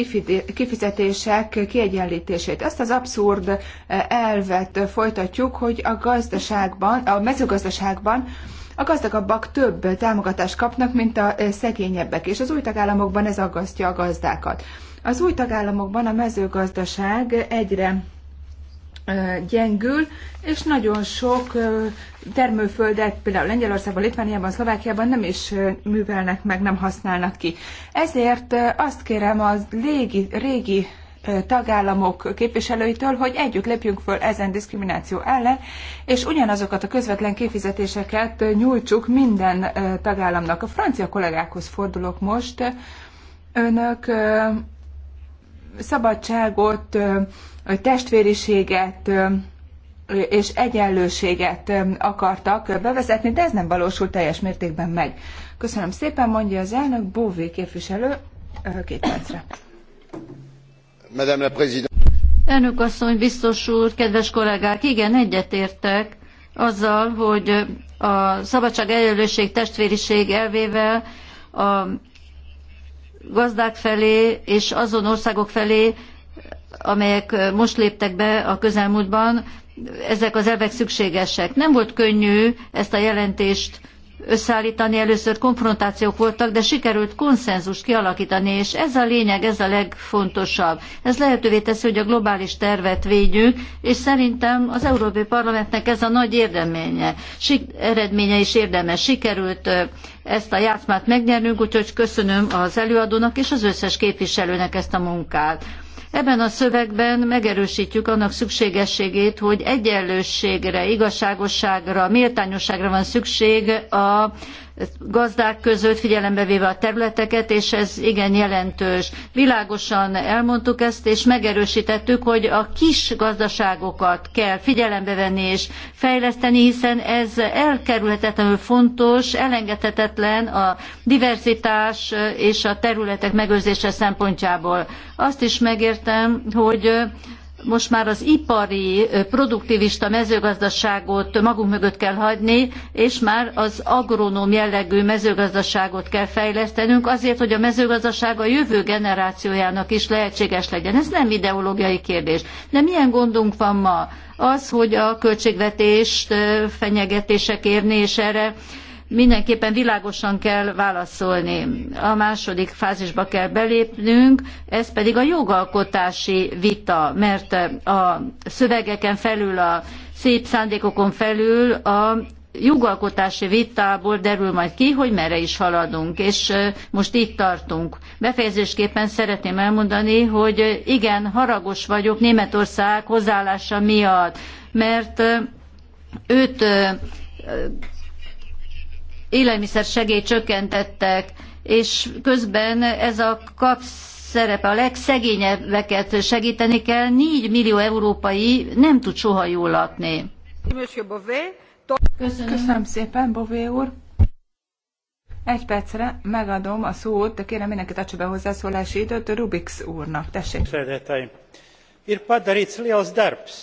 S5: kifizetések kiegyenlítését. Ezt az abszurd eh, elvet folytatjuk, hogy a gazdaságban, a mezőgazdaságban a gazdagabbak több támogatást kapnak, mint a eh, szegényebbek, és az új tagállamokban ez aggasztja a gazdákat. Az új tagállamokban a mezőgazdaság egyre gyengül, és nagyon sok termőföldet például Lengyelországban, Litvániában, Szlovákiában nem is művelnek meg, nem használnak ki. Ezért azt kérem az régi, régi tagállamok képviselőitől, hogy együtt lépjünk föl ezen diszkrimináció ellen, és ugyanazokat a közvetlen kifizetéseket nyújtsuk minden tagállamnak. A francia kollégákhoz fordulok most. Önök szabadságot, testvériséget és egyenlőséget akartak bevezetni, de ez nem valósult teljes mértékben meg.
S6: Köszönöm szépen, mondja az elnök, Bóvé képviselő, két percre. Elnök asszony, biztos úr, kedves kollégák, igen, egyetértek azzal, hogy a szabadság egyenlőség testvériség elvével a gazdák felé és azon országok felé, amelyek most léptek be a közelmúltban, ezek az elvek szükségesek. Nem volt könnyű ezt a jelentést összeállítani. Először konfrontációk voltak, de sikerült konszenzust kialakítani, és ez a lényeg, ez a legfontosabb. Ez lehetővé teszi, hogy a globális tervet védjük, és szerintem az Európai Parlamentnek ez a nagy érdeménye, eredménye is érdemes. Sikerült ezt a játszmát megnyernünk, úgyhogy köszönöm az előadónak és az összes képviselőnek ezt a munkát. Ebben a szövegben megerősítjük annak szükségességét, hogy egyenlősségre, igazságosságra, méltányosságra van szükség a gazdák között, figyelembe véve a területeket, és ez igen jelentős. Világosan elmondtuk ezt, és megerősítettük, hogy a kis gazdaságokat kell figyelembe venni és fejleszteni, hiszen ez elkerülhetetlenül fontos, elengedhetetlen a diverzitás és a területek megőrzése szempontjából. Azt is megértem, hogy most már az ipari, produktivista mezőgazdaságot magunk mögött kell hagyni, és már az agronóm jellegű mezőgazdaságot kell fejlesztenünk azért, hogy a mezőgazdaság a jövő generációjának is lehetséges legyen. Ez nem ideológiai kérdés. De milyen gondunk van ma? Az, hogy a költségvetést fenyegetések érni, és erre mindenképpen világosan kell válaszolni. A második fázisba kell belépnünk, ez pedig a jogalkotási vita, mert a szövegeken felül, a szép szándékokon felül a jogalkotási vitából derül majd ki, hogy merre is haladunk, és most itt tartunk. Befejezésképpen szeretném elmondani, hogy igen, haragos vagyok Németország hozzáállása miatt, mert őt élelmiszer segély csökkentettek, és közben ez a kap szerepe a legszegényebbeket segíteni kell, 4 millió európai nem tud soha jól lakni.
S5: Köszönöm. Köszönöm szépen, Bové úr. Egy percre megadom a szót, de kérem mindenki tartsa be hozzászólási időt Rubix úrnak. Tessék.
S7: Ir padarīts liels darbs,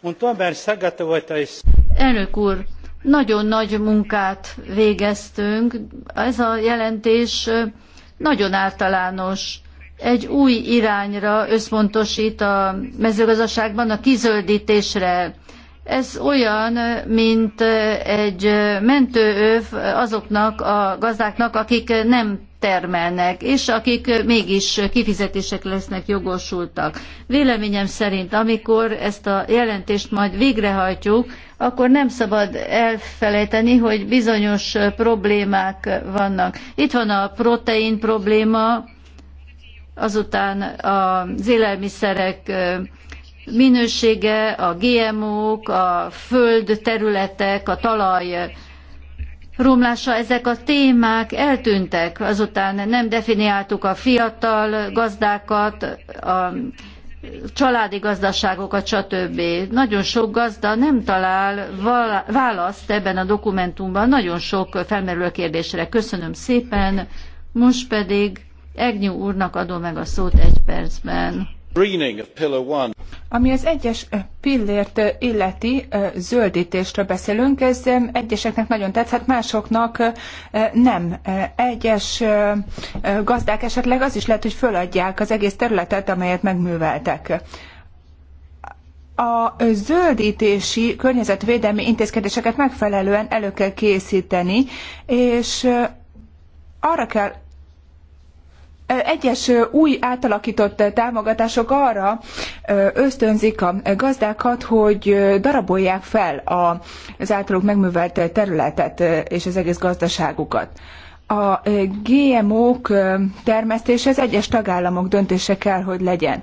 S7: un tomēr sagatavotais...
S6: Elnök úr, nagyon nagy munkát végeztünk. Ez a jelentés nagyon általános. Egy új irányra összpontosít a mezőgazdaságban a kizöldítésre ez olyan, mint egy mentőöv azoknak a gazdáknak, akik nem termelnek, és akik mégis kifizetések lesznek jogosultak. Véleményem szerint, amikor ezt a jelentést majd végrehajtjuk, akkor nem szabad elfelejteni, hogy bizonyos problémák vannak. Itt van a protein probléma, azután az élelmiszerek minősége, a GMO-k, a föld területek, a talaj romlása, ezek a témák eltűntek. Azután nem definiáltuk a fiatal gazdákat, a családi gazdaságokat, stb. Nagyon sok gazda nem talál választ ebben a dokumentumban nagyon sok felmerülő kérdésre. Köszönöm szépen, most pedig Egnyú úrnak adom meg a szót egy percben. Ami az egyes pillért illeti
S5: zöldítésről beszélünk, ez egyeseknek nagyon tetszett, másoknak nem. Egyes gazdák esetleg az is lehet, hogy föladják az egész területet, amelyet megműveltek. A zöldítési környezetvédelmi intézkedéseket megfelelően elő kell készíteni, és arra kell egyes új átalakított támogatások arra ösztönzik a gazdákat, hogy darabolják fel az általuk megművelt területet és az egész gazdaságukat a GMO-k termesztése az egyes tagállamok döntése kell, hogy legyen.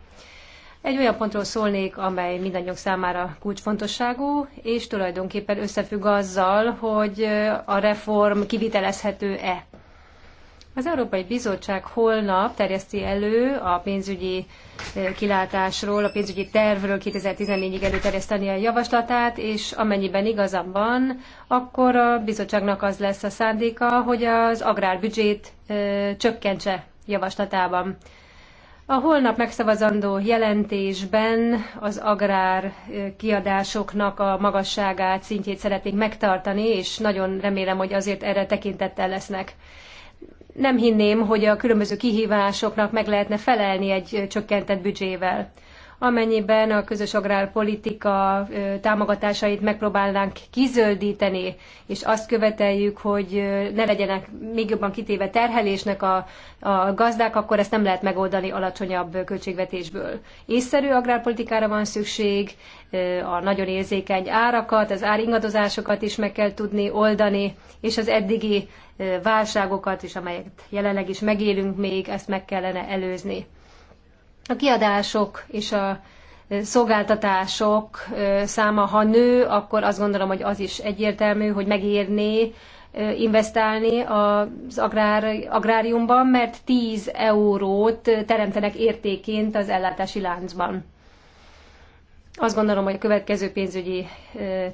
S1: Egy olyan pontról szólnék, amely mindannyiunk számára kulcsfontosságú, és tulajdonképpen összefügg azzal, hogy a reform kivitelezhető-e. Az Európai Bizottság holnap terjeszti elő a pénzügyi kilátásról, a pénzügyi tervről 2014-ig előterjeszteni a javaslatát, és amennyiben igazam van, akkor a bizottságnak az lesz a szándéka, hogy az agrárbüdzsét csökkentse javaslatában. A holnap megszavazandó jelentésben az agrár kiadásoknak a magasságát, szintjét szeretnék megtartani, és nagyon remélem, hogy azért erre tekintettel lesznek. Nem hinném, hogy a különböző kihívásoknak meg lehetne felelni egy csökkentett büdzsével amennyiben a közös agrárpolitika támogatásait megpróbálnánk kizöldíteni, és azt követeljük, hogy ne legyenek még jobban kitéve terhelésnek a, a gazdák, akkor ezt nem lehet megoldani alacsonyabb költségvetésből. Észszerű agrárpolitikára van szükség, a nagyon érzékeny árakat, az áringadozásokat is meg kell tudni oldani, és az eddigi válságokat is, amelyet jelenleg is megélünk még, ezt meg kellene előzni a kiadások és a szolgáltatások száma, ha nő, akkor azt gondolom, hogy az is egyértelmű, hogy megérné investálni az agrár, agráriumban, mert 10 eurót teremtenek értéként az ellátási láncban. Azt gondolom, hogy a következő pénzügyi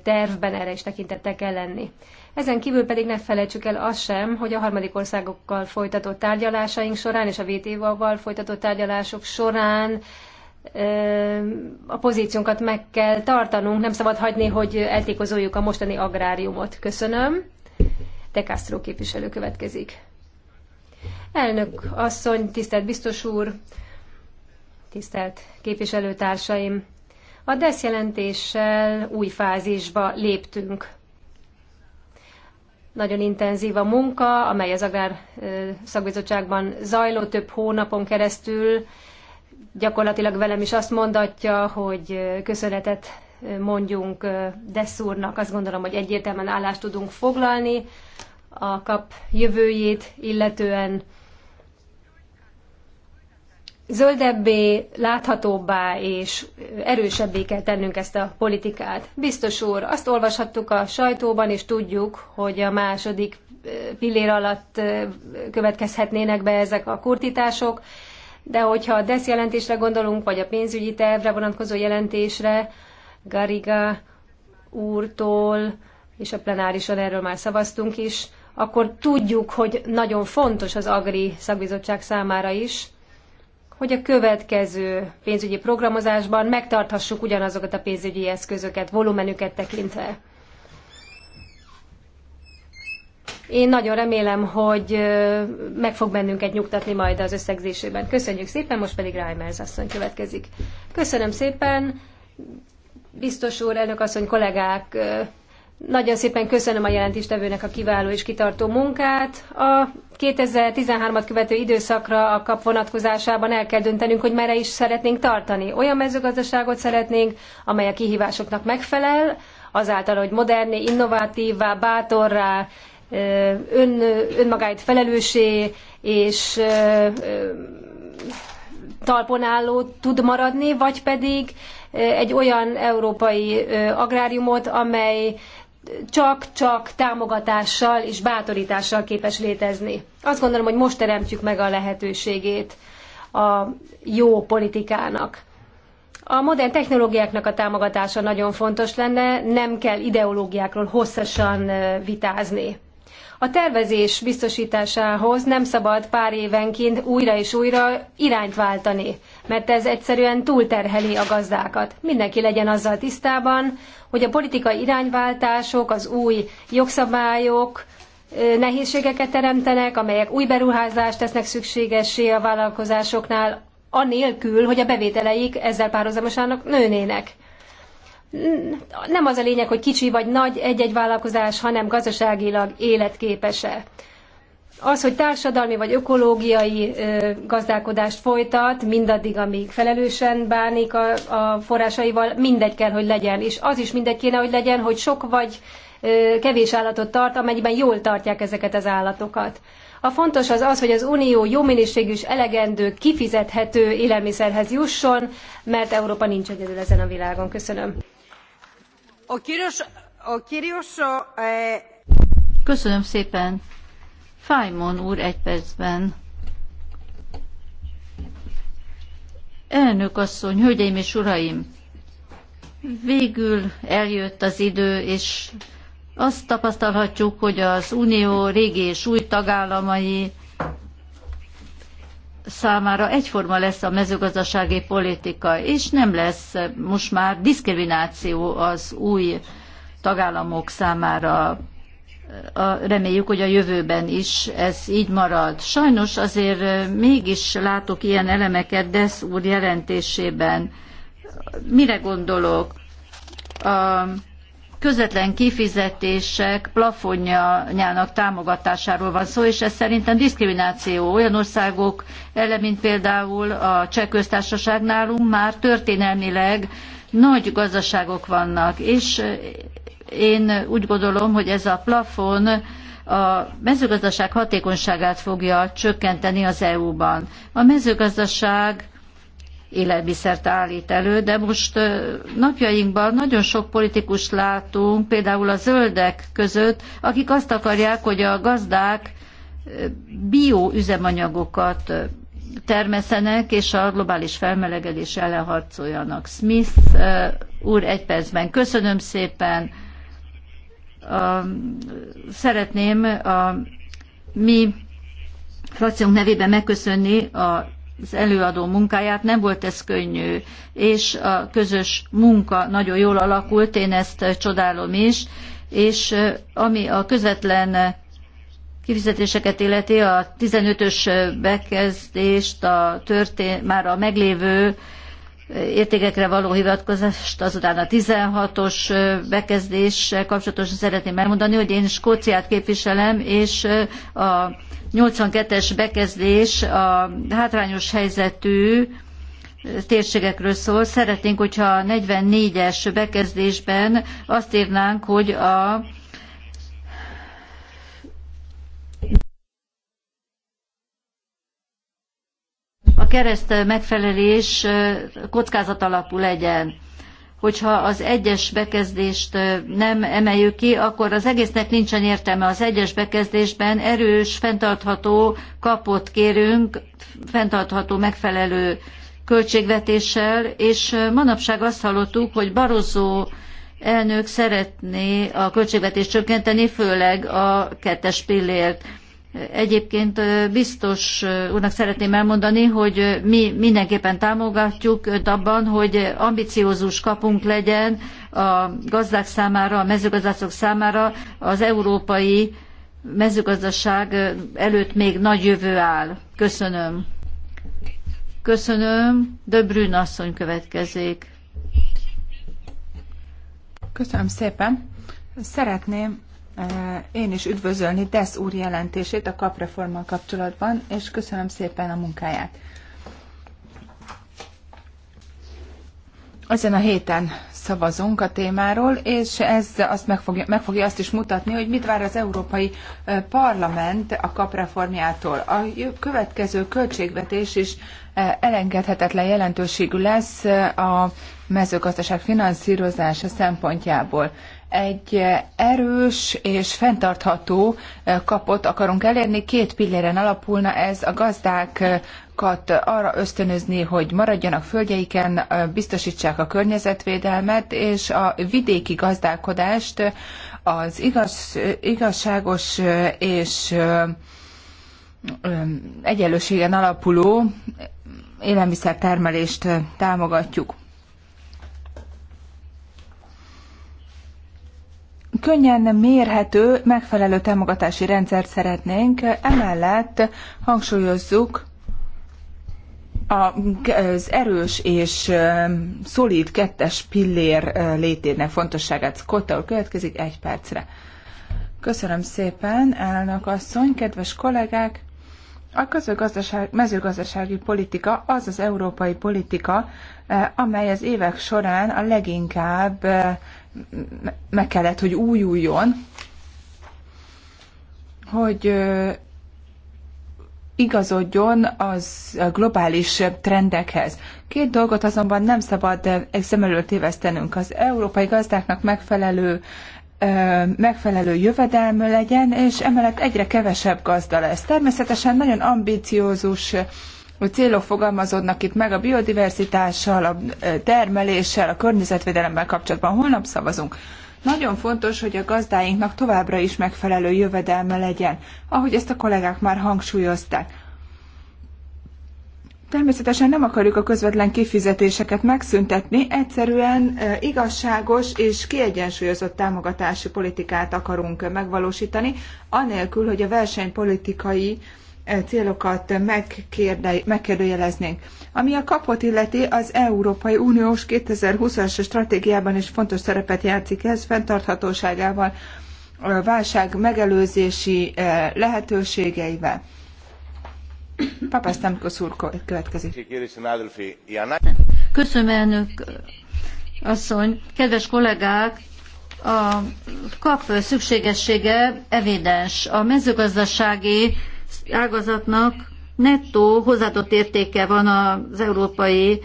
S1: tervben erre is tekintettel kell lenni. Ezen kívül pedig ne felejtsük el azt sem, hogy a harmadik országokkal folytatott tárgyalásaink során és a VTV-val folytatott tárgyalások során a pozíciónkat meg kell tartanunk, nem szabad hagyni, hogy eltékozoljuk a mostani agráriumot. Köszönöm. De Castro képviselő következik. Elnök asszony, tisztelt biztos úr, tisztelt képviselőtársaim! A DESZ jelentéssel új fázisba léptünk nagyon intenzív a munka, amely az Agrár Szakbizottságban zajló több hónapon keresztül. Gyakorlatilag velem is azt mondatja, hogy köszönetet mondjunk Desszúrnak. Azt gondolom, hogy egyértelműen állást tudunk foglalni a kap jövőjét, illetően zöldebbé, láthatóbbá és erősebbé kell tennünk ezt a politikát. Biztos úr, azt olvashattuk a sajtóban, és tudjuk, hogy a második eh, pillér alatt eh, következhetnének be ezek a kurtítások, de hogyha a DESZ jelentésre gondolunk, vagy a pénzügyi tervre vonatkozó jelentésre, Gariga úrtól, és a plenárison erről már szavaztunk is, akkor tudjuk, hogy nagyon fontos az Agri szakbizottság számára is, hogy a következő pénzügyi programozásban megtarthassuk ugyanazokat a pénzügyi eszközöket, volumenüket tekintve. Én nagyon remélem, hogy meg fog bennünket nyugtatni majd az összegzésében. Köszönjük szépen, most pedig Reimers asszony következik. Köszönöm szépen, biztos úr, elnök asszony, kollégák, nagyon szépen köszönöm a jelentéstevőnek a kiváló és kitartó munkát. A 2013-at követő időszakra a kap vonatkozásában el kell döntenünk, hogy merre is szeretnénk tartani. Olyan mezőgazdaságot szeretnénk, amely a kihívásoknak megfelel, azáltal, hogy moderné, innovatívvá, bátorrá, ön, önmagáit felelősé és talpon álló tud maradni, vagy pedig egy olyan európai agráriumot, amely csak-csak támogatással és bátorítással képes létezni. Azt gondolom, hogy most teremtjük meg a lehetőségét a jó politikának. A modern technológiáknak a támogatása nagyon fontos lenne, nem kell ideológiákról hosszasan vitázni. A tervezés biztosításához nem szabad pár évenként újra és újra irányt váltani mert ez egyszerűen túlterheli a gazdákat. Mindenki legyen azzal tisztában, hogy a politikai irányváltások, az új jogszabályok nehézségeket teremtenek, amelyek új beruházást tesznek szükségessé a vállalkozásoknál, anélkül, hogy a bevételeik ezzel párhuzamosan nőnének nem az a lényeg, hogy kicsi vagy nagy egy-egy vállalkozás, hanem gazdaságilag életképes-e az, hogy társadalmi vagy ökológiai gazdálkodást folytat, mindaddig, amíg felelősen bánik a, a forrásaival, mindegy kell, hogy legyen. És az is mindegy kéne, hogy legyen, hogy sok vagy kevés állatot tart, amennyiben jól tartják ezeket az állatokat. A fontos az az, hogy az Unió jó minőségű és elegendő, kifizethető élelmiszerhez jusson, mert Európa nincs egyedül ezen a világon. Köszönöm.
S6: A kíros, a kíros, a... Eh, Köszönöm szépen. Fájmon úr egy percben. Elnök asszony, hölgyeim és uraim! Végül eljött az idő, és azt tapasztalhatjuk, hogy az Unió régi és új tagállamai számára egyforma lesz a mezőgazdasági politika, és nem lesz most már diszkrimináció az új tagállamok számára a, reméljük, hogy a jövőben is ez így marad. Sajnos azért mégis látok ilyen elemeket Desz úr jelentésében. Mire gondolok? A közvetlen kifizetések plafonjának támogatásáról van szó, és ez szerintem diszkrimináció olyan országok ellen, mint például a cseh köztársaság nálunk már történelmileg nagy gazdaságok vannak, és én úgy gondolom, hogy ez a plafon a mezőgazdaság hatékonyságát fogja csökkenteni az EU-ban. A mezőgazdaság élelmiszert állít elő, de most napjainkban nagyon sok politikus látunk, például a zöldek között, akik azt akarják, hogy a gazdák bioüzemanyagokat termeszenek, és a globális felmelegedés ellen harcoljanak. Smith úr egy percben. Köszönöm szépen! a, szeretném a mi frakciónk nevében megköszönni a az előadó munkáját, nem volt ez könnyű, és a közös munka nagyon jól alakult, én ezt csodálom is, és ami a közvetlen kifizetéseket illeti, a 15-ös bekezdést, a történ- már a meglévő értékekre való hivatkozást, azután a 16-os bekezdéssel kapcsolatosan szeretném elmondani, hogy én Skóciát képviselem, és a 82-es bekezdés a hátrányos helyzetű térségekről szól. Szeretnénk, hogyha a 44-es bekezdésben azt írnánk, hogy a kereszt megfelelés kockázat alapú legyen. Hogyha az egyes bekezdést nem emeljük ki, akkor az egésznek nincsen értelme. Az egyes bekezdésben erős, fenntartható kapot kérünk, fenntartható megfelelő költségvetéssel, és manapság azt hallottuk, hogy Barozó elnök szeretné a költségvetést csökkenteni, főleg a kettes pillért. Egyébként biztos úrnak szeretném elmondani, hogy mi mindenképpen támogatjuk önt abban, hogy ambiciózus kapunk legyen a gazdák számára, a mezőgazdászok számára az európai mezőgazdaság előtt még nagy jövő áll. Köszönöm. Köszönöm. De Brün asszony következik. Köszönöm szépen. Szeretném
S5: Eh, én is üdvözölni Desz úr jelentését a kapreformmal kapcsolatban, és köszönöm szépen a munkáját. Ezen a héten szavazunk a témáról, és ez azt meg fogja, meg fogja azt is mutatni, hogy mit vár az Európai eh, Parlament a kapreformjától. A következő költségvetés is eh, elengedhetetlen jelentőségű lesz a mezőgazdaság finanszírozása szempontjából egy erős és fenntartható kapot akarunk elérni. Két pilléren alapulna ez a gazdákat arra ösztönözni, hogy maradjanak földjeiken, biztosítsák a környezetvédelmet, és a vidéki gazdálkodást az igaz, igazságos és egyenlőségen alapuló élelmiszertermelést támogatjuk. könnyen mérhető, megfelelő támogatási rendszert szeretnénk. Emellett hangsúlyozzuk az erős és um, szolíd kettes pillér uh, létének fontosságát. kotta következik egy percre. Köszönöm szépen, elnök asszony, kedves kollégák! A közögazdaság, mezőgazdasági politika az az európai politika, uh, amely az évek során a leginkább uh, meg kellett, hogy újuljon, hogy igazodjon az globális trendekhez. Két dolgot azonban nem szabad szem előtt tévesztenünk. Az európai gazdáknak megfelelő megfelelő jövedelmű legyen, és emellett egyre kevesebb gazda lesz. Természetesen nagyon ambiciózus hogy célok fogalmazódnak itt meg a biodiverzitással, a e, termeléssel, a környezetvédelemmel kapcsolatban. Holnap szavazunk. Nagyon fontos, hogy a gazdáinknak továbbra is megfelelő jövedelme legyen, ahogy ezt a kollégák már hangsúlyozták. Természetesen nem akarjuk a közvetlen kifizetéseket megszüntetni, egyszerűen e, igazságos és kiegyensúlyozott támogatási politikát akarunk megvalósítani, anélkül, hogy a versenypolitikai politikai E, célokat megkérdőjeleznénk. Ami a kapot illeti, az Európai Uniós 2020-as stratégiában is fontos szerepet játszik ez, fenntarthatóságával, a válság megelőzési e, lehetőségeivel. Papasztamkosz úr következik.
S6: Köszönöm, elnök asszony. Kedves kollégák, a kap szükségessége evidens. A mezőgazdasági ágazatnak nettó hozzáadott értéke van az európai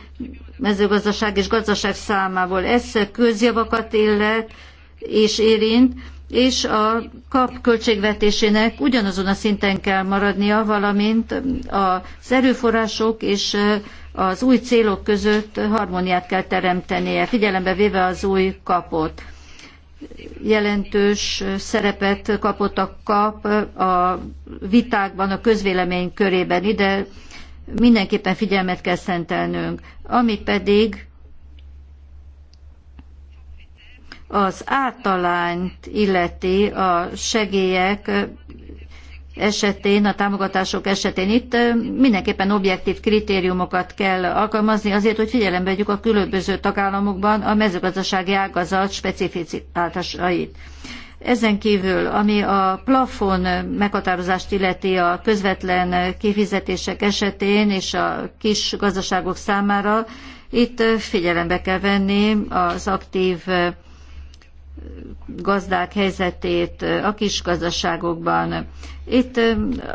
S6: mezőgazdaság és gazdaság számából. Ez közjavakat illet és érint, és a kap költségvetésének ugyanazon a szinten kell maradnia, valamint az erőforrások és az új célok között harmóniát kell teremtenie, figyelembe véve az új kapot jelentős szerepet kapott a kap a vitákban, a közvélemény körében ide, mindenképpen figyelmet kell szentelnünk. Ami pedig az általányt illeti a segélyek esetén, a támogatások esetén itt mindenképpen objektív kritériumokat kell alkalmazni azért, hogy figyelembe vegyük a különböző tagállamokban a mezőgazdasági ágazat specificitásait. Ezen kívül, ami a plafon meghatározást illeti a közvetlen kifizetések esetén és a kis gazdaságok számára, itt figyelembe kell venni az aktív gazdák helyzetét a kis gazdaságokban. Itt,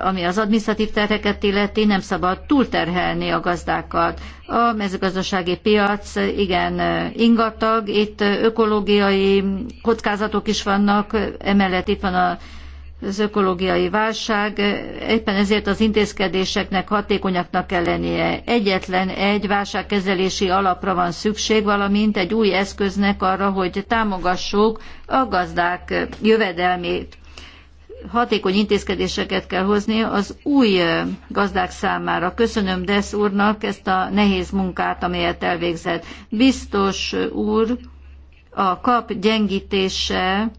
S6: ami az administratív terheket illeti, nem szabad túlterhelni a gazdákat. A mezőgazdasági piac igen ingatag, itt ökológiai kockázatok is vannak, emellett itt van a az ökológiai válság, éppen ezért az intézkedéseknek hatékonyaknak kell lennie. Egyetlen egy válságkezelési alapra van szükség, valamint egy új eszköznek arra, hogy támogassuk a gazdák jövedelmét. Hatékony intézkedéseket kell hozni az új gazdák számára. Köszönöm Desz úrnak ezt a nehéz munkát, amelyet elvégzett. Biztos úr, a kap gyengítése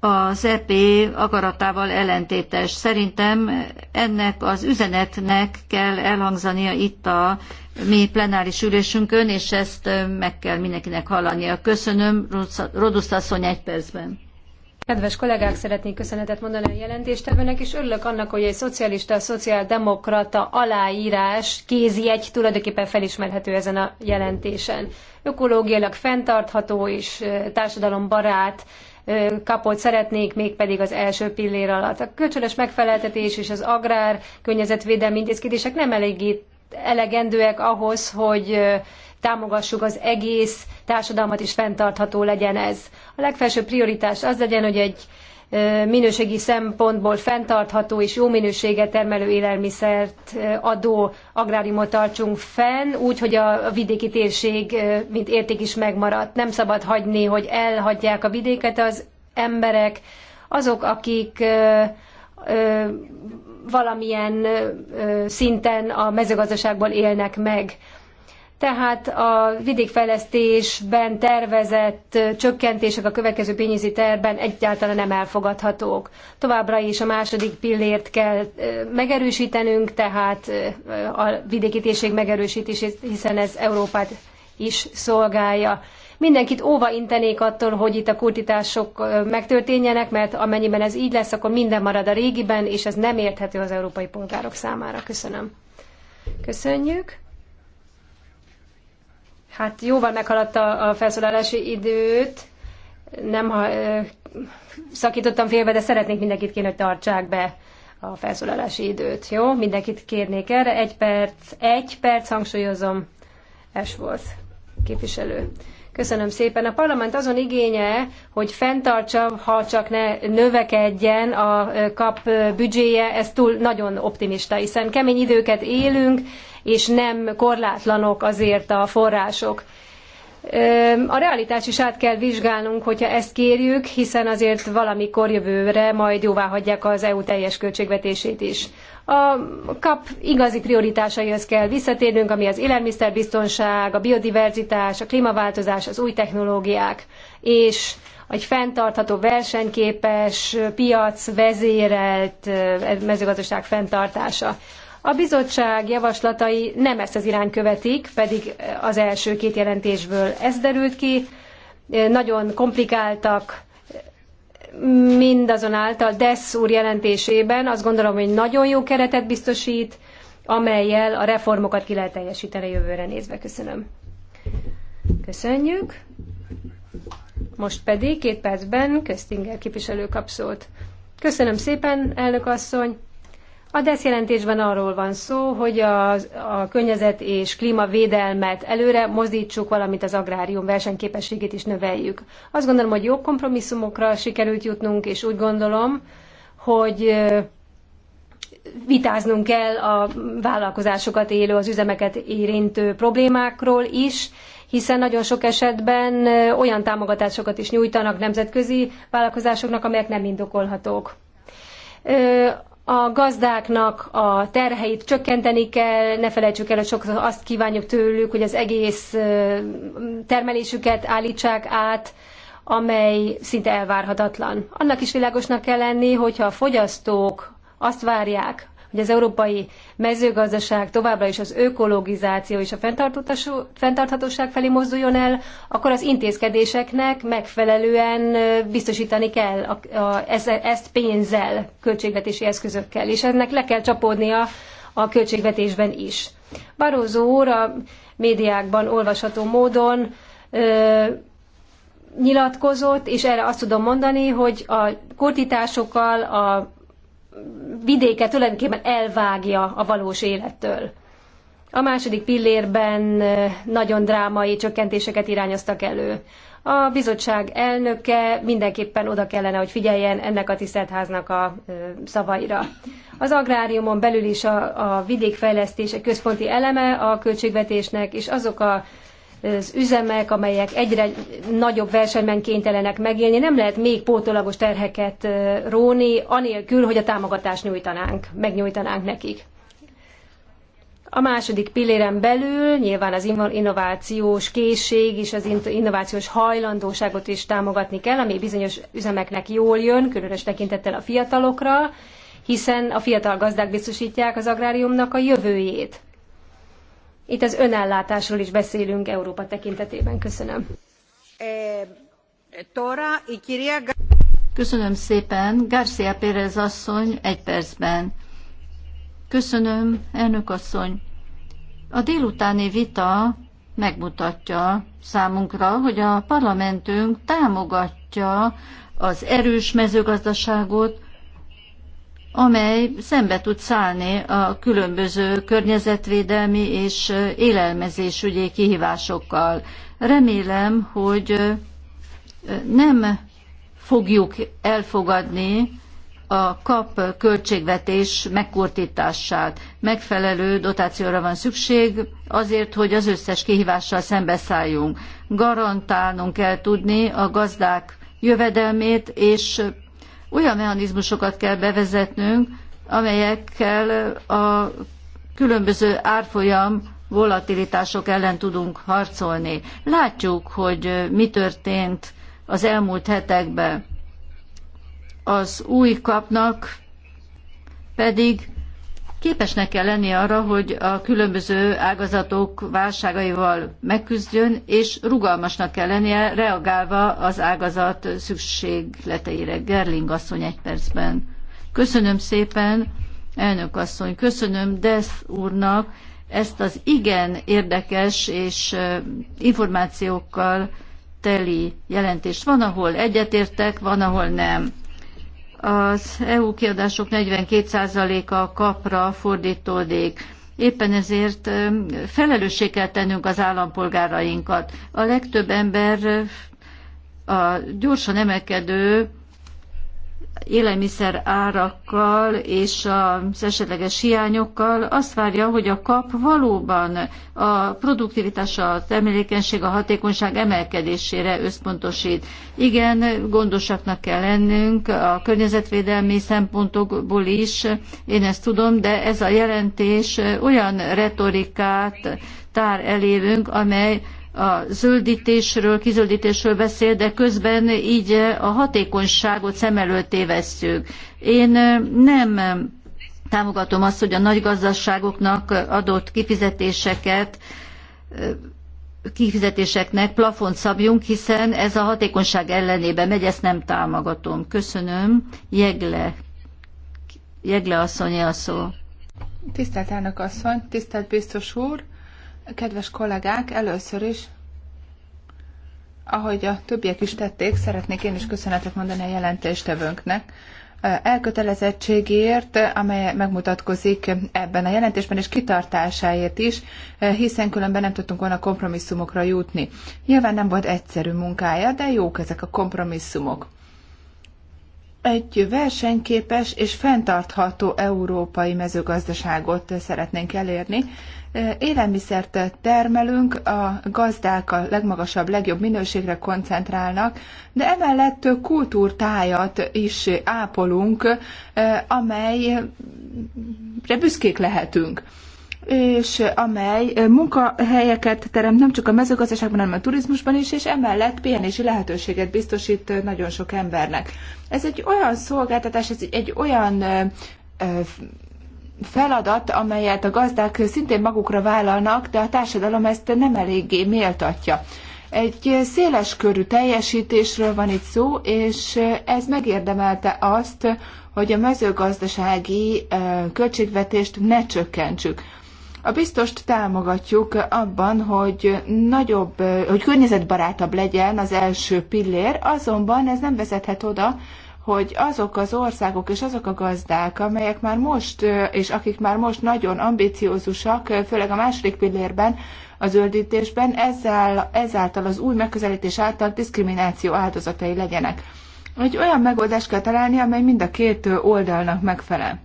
S6: az EP akaratával ellentétes. Szerintem ennek az üzenetnek kell elhangzania itt a mi plenáris ülésünkön, és ezt meg kell mindenkinek hallania. Köszönöm, Rodusz asszony egy percben.
S1: Kedves kollégák, szeretnék köszönetet mondani a jelentéstevőnek, és örülök annak, hogy egy szocialista, szociáldemokrata aláírás, kézi egy tulajdonképpen felismerhető ezen a jelentésen. Ökológiailag fenntartható és társadalombarát kapott szeretnék, mégpedig az első pillér alatt. A kölcsönös megfeleltetés és az agrár környezetvédelmi intézkedések nem elég elegendőek ahhoz, hogy támogassuk az egész társadalmat, és fenntartható legyen ez. A legfelső prioritás az legyen, hogy egy minőségi szempontból fenntartható és jó minőséget termelő élelmiszert adó agráriumot tartsunk fenn, úgy, hogy a vidéki térség mint érték is megmaradt. Nem szabad hagyni, hogy elhagyják a vidéket az emberek, azok, akik valamilyen szinten a mezőgazdaságból élnek meg tehát a vidékfejlesztésben tervezett csökkentések a következő pénzügyi terben egyáltalán nem elfogadhatók. Továbbra is a második pillért kell megerősítenünk, tehát a vidéki térség megerősítését, hiszen ez Európát is szolgálja. Mindenkit óva intenék attól, hogy itt a kurtítások megtörténjenek, mert amennyiben ez így lesz, akkor minden marad a régiben, és ez nem érthető az európai polgárok számára. Köszönöm. Köszönjük. Hát jóval meghaladta a felszólalási időt, nem ha, szakítottam félbe, de szeretnék mindenkit kérni, hogy tartsák be a felszólalási időt. Jó? Mindenkit kérnék erre. Egy perc, egy perc, hangsúlyozom, volt képviselő. Köszönöm szépen. A parlament azon igénye, hogy fenntartsa, ha csak ne növekedjen a kap büdzséje, ez túl nagyon optimista, hiszen kemény időket élünk, és nem korlátlanok azért a források. A realitás is át kell vizsgálnunk, hogyha ezt kérjük, hiszen azért valamikor jövőre majd jóvá hagyják az EU teljes költségvetését is. A kap igazi prioritásaihoz kell visszatérnünk, ami az élelmiszerbiztonság, a biodiverzitás, a klímaváltozás, az új technológiák, és egy fenntartható, versenyképes, piac vezérelt mezőgazdaság fenntartása. A bizottság javaslatai nem ezt az irányt követik, pedig az első két jelentésből ez derült ki. Nagyon komplikáltak mindazonáltal DESZ úr jelentésében azt gondolom, hogy nagyon jó keretet biztosít, amelyel a reformokat ki lehet teljesíteni jövőre nézve. Köszönöm. Köszönjük. Most pedig két percben Köztinger képviselő kap szót. Köszönöm szépen, elnök asszony. A DESZ jelentésben arról van szó, hogy a, a környezet és klímavédelmet előre mozdítsuk, valamint az agrárium versenyképességét is növeljük. Azt gondolom, hogy jó kompromisszumokra sikerült jutnunk, és úgy gondolom, hogy vitáznunk kell a vállalkozásokat élő, az üzemeket érintő problémákról is, hiszen nagyon sok esetben olyan támogatásokat is nyújtanak nemzetközi vállalkozásoknak, amelyek nem indokolhatók a gazdáknak a terheit csökkenteni kell, ne felejtsük el, hogy sokszor azt kívánjuk tőlük, hogy az egész termelésüket állítsák át, amely szinte elvárhatatlan. Annak is világosnak kell lenni, hogyha a fogyasztók azt várják hogy az európai mezőgazdaság továbbra is az ökologizáció és a fenntarthatóság felé mozduljon el, akkor az intézkedéseknek megfelelően biztosítani kell a, a, ezt pénzzel, költségvetési eszközökkel, és ennek le kell csapódnia a költségvetésben is. Barózó úr a médiákban olvasható módon ö, nyilatkozott, és erre azt tudom mondani, hogy a kurtításokkal, a vidéke tulajdonképpen elvágja a valós élettől. A második pillérben nagyon drámai csökkentéseket irányoztak elő. A bizottság elnöke mindenképpen oda kellene, hogy figyeljen ennek a tiszteltháznak a szavaira. Az agráriumon belül is a, a vidékfejlesztés egy központi eleme a költségvetésnek, és azok a az üzemek, amelyek egyre nagyobb versenyben kénytelenek megélni, nem lehet még pótolagos terheket róni, anélkül, hogy a támogatást nyújtanánk, megnyújtanánk nekik. A második pilléren belül nyilván az innovációs készség és az innovációs hajlandóságot is támogatni kell, ami bizonyos üzemeknek jól jön, különös tekintettel a fiatalokra, hiszen a fiatal gazdák biztosítják az agráriumnak a jövőjét. Itt az önellátásról is beszélünk Európa tekintetében. Köszönöm.
S5: Eh,
S1: Köszönöm
S6: szépen. García Pérez asszony egy percben. Köszönöm, elnök asszony. A délutáni vita megmutatja számunkra, hogy a parlamentünk támogatja az erős mezőgazdaságot, amely szembe tud szállni a különböző környezetvédelmi és élelmezésügyi kihívásokkal. Remélem, hogy nem fogjuk elfogadni a kap költségvetés megkurtítását. Megfelelő dotációra van szükség azért, hogy az összes kihívással szembeszálljunk. Garantálnunk kell tudni a gazdák jövedelmét és olyan mechanizmusokat kell bevezetnünk, amelyekkel a különböző árfolyam volatilitások ellen tudunk harcolni. Látjuk, hogy mi történt az elmúlt hetekben. Az új kapnak pedig képesnek kell lennie arra, hogy a különböző ágazatok válságaival megküzdjön, és rugalmasnak kell lennie, reagálva az ágazat szükségleteire. Gerling asszony egy percben. Köszönöm szépen, elnök asszony, köszönöm Desz úrnak ezt az igen érdekes és információkkal teli jelentést. Van, ahol egyetértek, van, ahol nem az EU kiadások 42%-a kapra fordítódik. Éppen ezért felelőssé kell tennünk az állampolgárainkat. A legtöbb ember a gyorsan emelkedő élelmiszer árakkal és az esetleges hiányokkal azt várja, hogy a kap valóban a produktivitás, a termelékenység, a hatékonyság emelkedésére összpontosít. Igen, gondosaknak kell lennünk a környezetvédelmi szempontokból is, én ezt tudom, de ez a jelentés olyan retorikát tár elévünk, amely a zöldítésről, kizöldítésről beszél, de közben így eh, a hatékonyságot szem előtt tévesztjük. Én eh, nem támogatom azt, hogy a nagy gazdaságoknak adott kifizetéseket eh, kifizetéseknek plafont szabjunk, hiszen ez a hatékonyság ellenébe megy, ezt nem támogatom. Köszönöm. Jegle. Jegle asszony a szó.
S5: Tisztelt elnök asszony, tisztelt biztos úr, Kedves kollégák, először is, ahogy a többiek is tették, szeretnék én is köszönetet mondani a jelentéstevőnknek elkötelezettségért, amely megmutatkozik ebben a jelentésben, és kitartásáért is, hiszen különben nem tudtunk volna kompromisszumokra jutni. Nyilván nem volt egyszerű munkája, de jók ezek a kompromisszumok. Egy versenyképes és fenntartható európai mezőgazdaságot szeretnénk elérni, élelmiszert termelünk, a gazdák a legmagasabb, legjobb minőségre koncentrálnak, de emellett kultúrtájat is ápolunk, eh, amelyre büszkék lehetünk és amely munkahelyeket teremt nem csak a mezőgazdaságban, hanem a turizmusban is, és emellett pihenési lehetőséget biztosít nagyon sok embernek. Ez egy olyan szolgáltatás, ez egy, egy olyan eh, feladat, amelyet a gazdák szintén magukra vállalnak, de a társadalom ezt nem eléggé méltatja. Egy széles körű teljesítésről van itt szó, és ez megérdemelte azt, hogy a mezőgazdasági költségvetést ne csökkentsük. A biztost támogatjuk abban, hogy nagyobb, hogy környezetbarátabb legyen az első pillér, azonban ez nem vezethet oda, hogy azok az országok és azok a gazdák, amelyek már most, és akik már most nagyon ambiciózusak, főleg a második pillérben, a zöldítésben, ezzel, ezáltal az új megközelítés által diszkrimináció áldozatai legyenek. Egy olyan megoldást kell találni, amely mind a két oldalnak megfelel.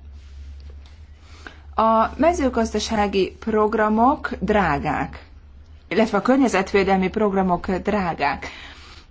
S5: A mezőgazdasági programok drágák, illetve a környezetvédelmi programok drágák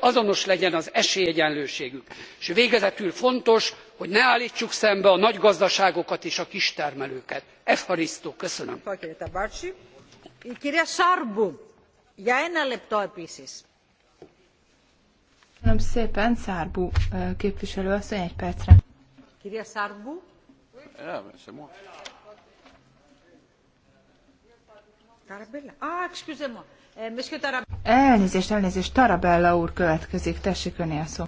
S8: azonos legyen az esélyegyenlőségük és végezetül fontos hogy ne álltsuk szembe a nagy gazdaságokat és a kistermelőket. evharisto köszönöm.
S6: köszönöm
S5: Elnézést, elnézést, Tarabella úr következik, tessék öné a szó.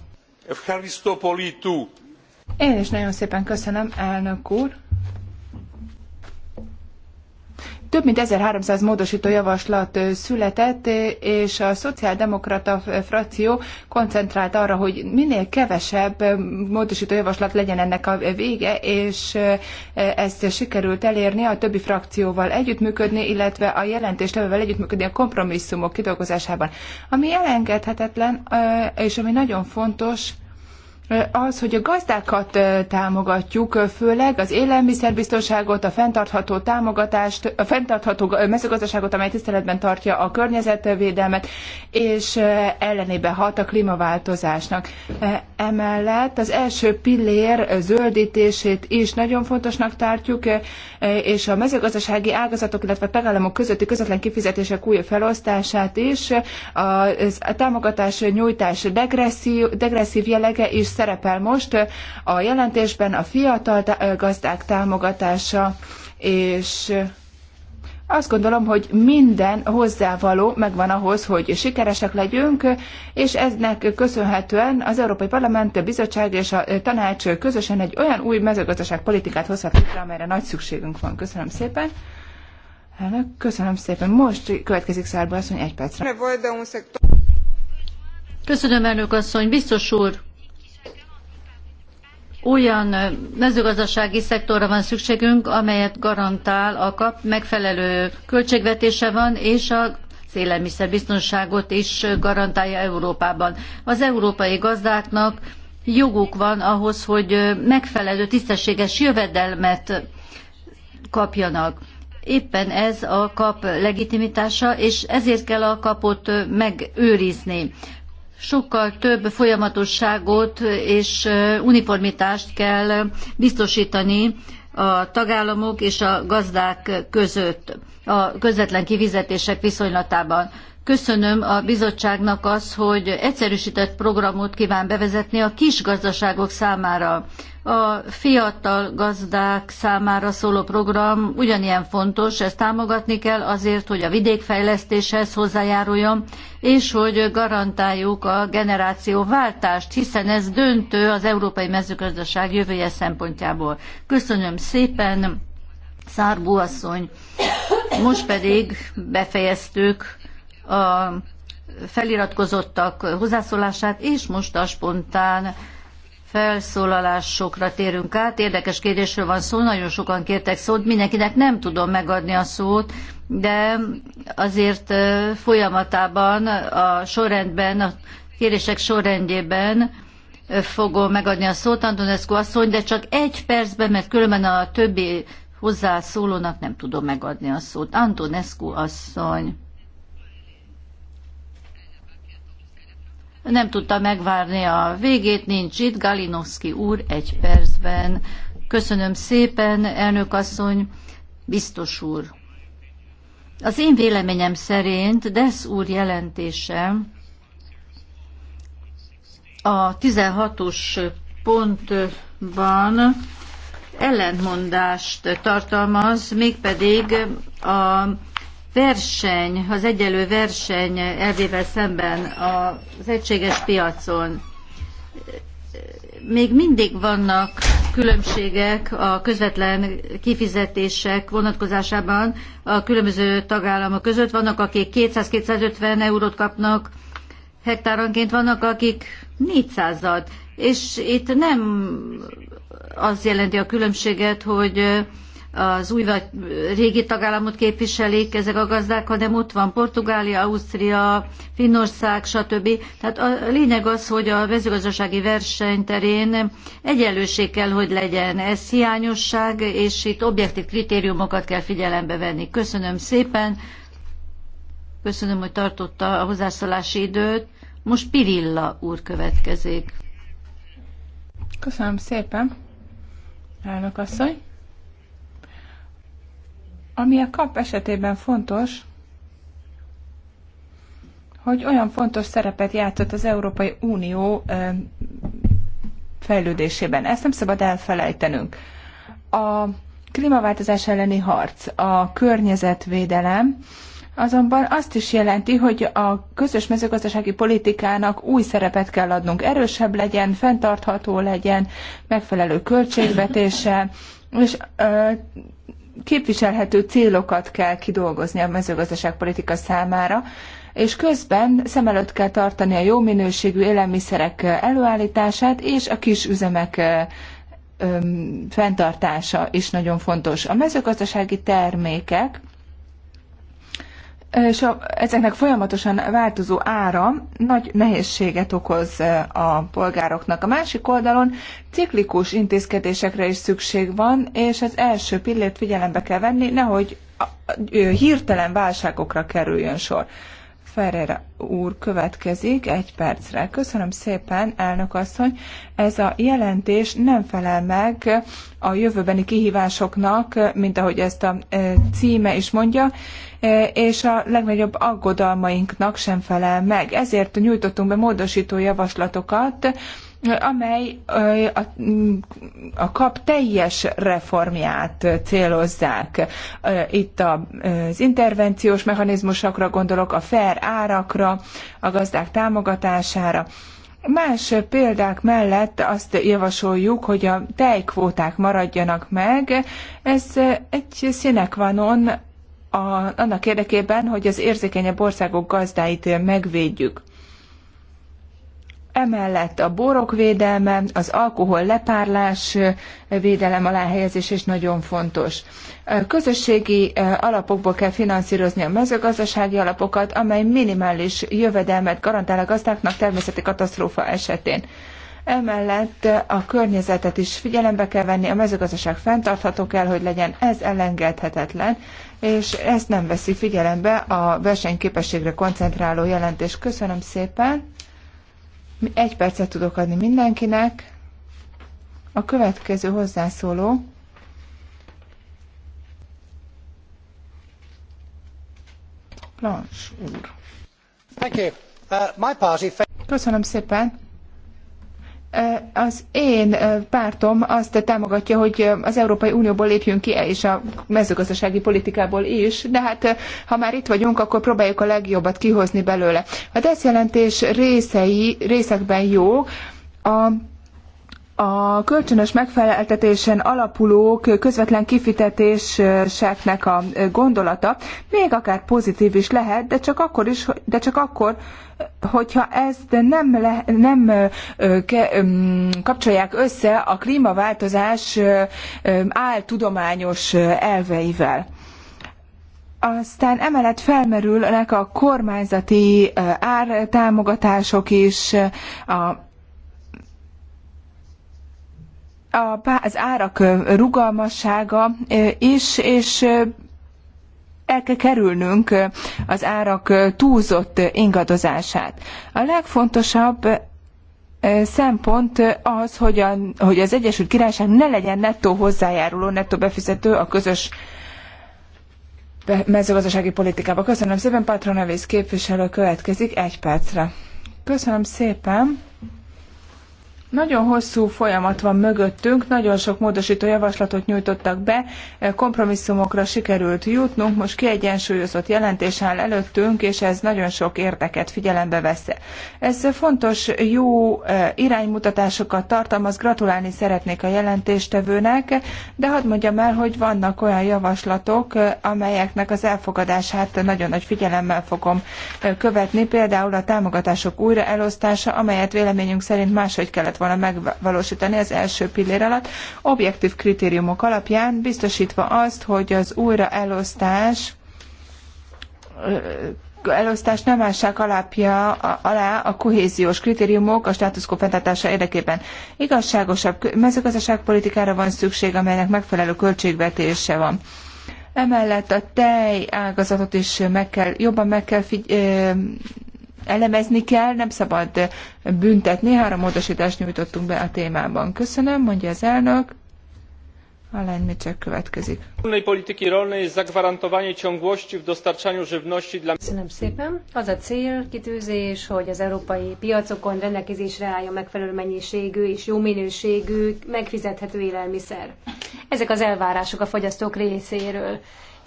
S5: Én is nagyon szépen köszönöm, elnök úr. Több mint 1300 módosító javaslat született, és a szociáldemokrata frakció koncentrált arra, hogy minél kevesebb módosító javaslat legyen ennek a vége, és ezt sikerült elérni a többi frakcióval együttműködni, illetve a jelentéstevővel együttműködni a kompromisszumok kidolgozásában. Ami elengedhetetlen, és ami nagyon fontos, az, hogy a gazdákat támogatjuk, főleg az élelmiszerbiztonságot, a fenntartható támogatást, a fenntartható mezőgazdaságot, amely tiszteletben tartja a környezetvédelmet, és ellenébe hat a klímaváltozásnak. Emellett az első pillér zöldítését is nagyon fontosnak tartjuk, és a mezőgazdasági ágazatok, illetve a tagállamok közötti közvetlen kifizetések új felosztását is, a támogatás nyújtás degresszív, degresszív jellege is szerepel most a jelentésben a fiatal gazdák támogatása, és azt gondolom, hogy minden hozzávaló megvan ahhoz, hogy sikeresek legyünk, és eznek köszönhetően az Európai Parlament, a Bizottság és a Tanács közösen egy olyan új mezőgazdaságpolitikát hozhat létre, amelyre nagy szükségünk van. Köszönöm szépen. Elnök,
S6: köszönöm szépen. Most következik Szárba asszony egy percre. Köszönöm, elnök asszony. Biztos úr, olyan mezőgazdasági szektorra van szükségünk, amelyet garantál a kap, megfelelő költségvetése van, és a élelmiszerbiztonságot is garantálja Európában. Az európai gazdáknak joguk van ahhoz, hogy megfelelő tisztességes jövedelmet kapjanak. Éppen ez a kap legitimitása, és ezért kell a kapot megőrizni sokkal több folyamatosságot és uniformitást kell biztosítani a tagállamok és a gazdák között a közvetlen kifizetések viszonylatában. Köszönöm a bizottságnak az, hogy egyszerűsített programot kíván bevezetni a kis gazdaságok számára. A fiatal gazdák számára szóló program ugyanilyen fontos, ezt támogatni kell azért, hogy a vidékfejlesztéshez hozzájáruljon, és hogy garantáljuk a generációváltást, hiszen ez döntő az európai mezőgazdaság jövője szempontjából. Köszönöm szépen, Szárbú asszony. Most pedig befejeztük a feliratkozottak hozzászólását, és most a spontán felszólalásokra térünk át. Érdekes kérdésről van szó, nagyon sokan kértek szót, mindenkinek nem tudom megadni a szót, de azért folyamatában a sorrendben, a kérések sorrendjében fogom megadni a szót Antonescu asszony, de csak egy percben, mert különben a többi hozzászólónak nem tudom megadni a szót. Antonescu asszony. nem tudta megvárni a végét, nincs itt. Galinowski úr egy percben. Köszönöm szépen, elnök asszony, biztos úr. Az én véleményem szerint Desz úr jelentése a 16-os pontban ellentmondást tartalmaz, mégpedig a verseny, az egyelő verseny elvével szemben az egységes piacon. Még mindig vannak különbségek a közvetlen kifizetések vonatkozásában a különböző tagállamok között. Vannak, akik 200-250 eurót kapnak hektáronként, vannak, akik 400-at. És itt nem az jelenti a különbséget, hogy az új vagy régi tagállamot képviselik ezek a gazdák, hanem ott van Portugália, Ausztria, Finnország, stb. Tehát a lényeg az, hogy a mezőgazdasági verseny terén egyenlőség kell, hogy legyen. Ez hiányosság, és itt objektív kritériumokat kell figyelembe venni. Köszönöm szépen, köszönöm, hogy tartotta a hozzászólási időt. Most Pirilla úr következik. Köszönöm szépen,
S5: elnök asszony. Ami a kap esetében fontos, hogy olyan fontos szerepet játszott az Európai Unió fejlődésében. Ezt nem szabad elfelejtenünk. A klímaváltozás elleni harc, a környezetvédelem, Azonban azt is jelenti, hogy a közös mezőgazdasági politikának új szerepet kell adnunk. Erősebb legyen, fenntartható legyen, megfelelő költségvetése, és ö, képviselhető célokat kell kidolgozni a mezőgazdaságpolitika számára, és közben szem előtt kell tartani a jó minőségű élelmiszerek előállítását és a kis üzemek fenntartása is nagyon fontos. A mezőgazdasági termékek és a, ezeknek folyamatosan változó ára nagy nehézséget okoz a polgároknak. A másik oldalon ciklikus intézkedésekre is szükség van, és az első pillért figyelembe kell venni, nehogy hirtelen válságokra kerüljön sor. Ferrer úr következik egy percre. Köszönöm szépen, elnök asszony. Ez a jelentés nem felel meg a jövőbeni kihívásoknak, mint ahogy ezt a e, címe is mondja, e, és a legnagyobb aggodalmainknak sem felel meg. Ezért nyújtottunk be módosító javaslatokat, amely a kap teljes reformját célozzák. Itt az intervenciós mechanizmusokra gondolok, a fair árakra, a gazdák támogatására. Más példák mellett azt javasoljuk, hogy a tejkvóták maradjanak meg. Ez egy on, a, annak érdekében, hogy az érzékenyebb országok gazdáit megvédjük. Emellett a borok védelme, az alkohol lepárlás védelem alá helyezés is nagyon fontos. Közösségi alapokból kell finanszírozni a mezőgazdasági alapokat, amely minimális jövedelmet garantál a gazdáknak természeti katasztrófa esetén. Emellett a környezetet is figyelembe kell venni, a mezőgazdaság fenntartható kell, hogy legyen, ez elengedhetetlen, és ezt nem veszi figyelembe a versenyképességre koncentráló jelentés. Köszönöm szépen! Egy percet tudok adni mindenkinek. A következő hozzászóló
S8: Blanche úr. Thank you. Uh, my party... Köszönöm
S5: szépen. Az én pártom azt támogatja, hogy az Európai Unióból lépjünk ki, és a mezőgazdasági politikából is, de hát ha már itt vagyunk, akkor próbáljuk a legjobbat kihozni belőle. A DESZ jelentés részei, részekben jó, a a kölcsönös megfeleltetésen alapuló közvetlen kifitetéseknek a gondolata még akár pozitív is lehet, de csak akkor is, de csak akkor, hogyha ezt nem, le, nem ke, kapcsolják össze a klímaváltozás áltudományos elveivel. Aztán emellett felmerülnek a kormányzati ártámogatások is, a az árak rugalmassága is, és el kell kerülnünk az árak túlzott ingadozását. A legfontosabb szempont az, hogy, a, hogy az Egyesült Királyság ne legyen nettó hozzájáruló, nettó befizető a közös mezőgazdasági politikába. Köszönöm szépen, Patronavész képviselő következik egy percre. Köszönöm szépen. Nagyon hosszú folyamat van mögöttünk, nagyon sok módosító javaslatot nyújtottak be, eh, kompromisszumokra sikerült jutnunk, most kiegyensúlyozott jelentés áll előttünk, és ez nagyon sok érdeket figyelembe vesz. Ez fontos, jó eh, iránymutatásokat tartalmaz, gratulálni szeretnék a jelentéstevőnek, de hadd mondjam el, hogy vannak olyan javaslatok, eh, amelyeknek az elfogadását nagyon nagy figyelemmel fogom követni, például a támogatások újraelosztása, amelyet véleményünk szerint máshogy kellett volna megvalósítani az első pillér alatt, objektív kritériumok alapján, biztosítva azt, hogy az újra elosztás elosztás nem ássák alapja, alá a kohéziós kritériumok a státuszkó fenntartása érdekében. Igazságosabb mezőgazdaságpolitikára van szükség, amelynek megfelelő költségvetése van. Emellett a tej ágazatot is meg kell, jobban meg kell figyelni, elemezni kell, nem szabad büntetni. Három módosítást nyújtottunk be a témában. Köszönöm, mondja az elnök.
S1: A Micsek következik.
S3: polityki rolnej jest zagwarantowanie ciągłości w dostarczaniu żywności dla... Köszönöm
S1: szépen. Az a cél, kitűzés, hogy az európai piacokon rendelkezésre álljon megfelelő mennyiségű és jó minőségű, megfizethető élelmiszer. Ezek az elvárások a fogyasztók részéről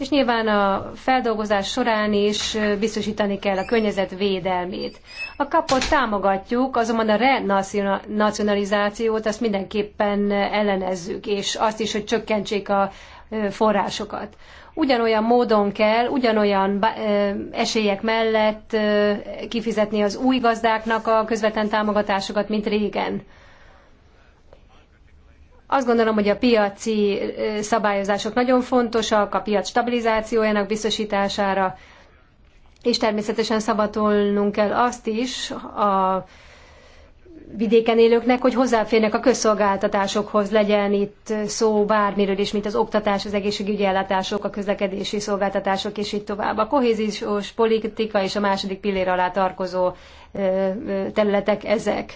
S1: és nyilván a feldolgozás során is biztosítani kell a környezet védelmét. A kapot támogatjuk, azonban a renacionalizációt azt mindenképpen ellenezzük, és azt is, hogy csökkentsék a forrásokat. Ugyanolyan módon kell, ugyanolyan esélyek mellett kifizetni az új gazdáknak a közvetlen támogatásokat, mint régen. Azt gondolom, hogy a piaci szabályozások nagyon fontosak, a piac stabilizációjának biztosítására, és természetesen szabatolnunk kell azt is a vidéken élőknek, hogy hozzáférnek a közszolgáltatásokhoz, legyen itt szó bármiről is, mint az oktatás, az egészségügyi ellátások, a közlekedési szolgáltatások, és így tovább. A kohéziós politika és a második pillér alá tarkozó területek ezek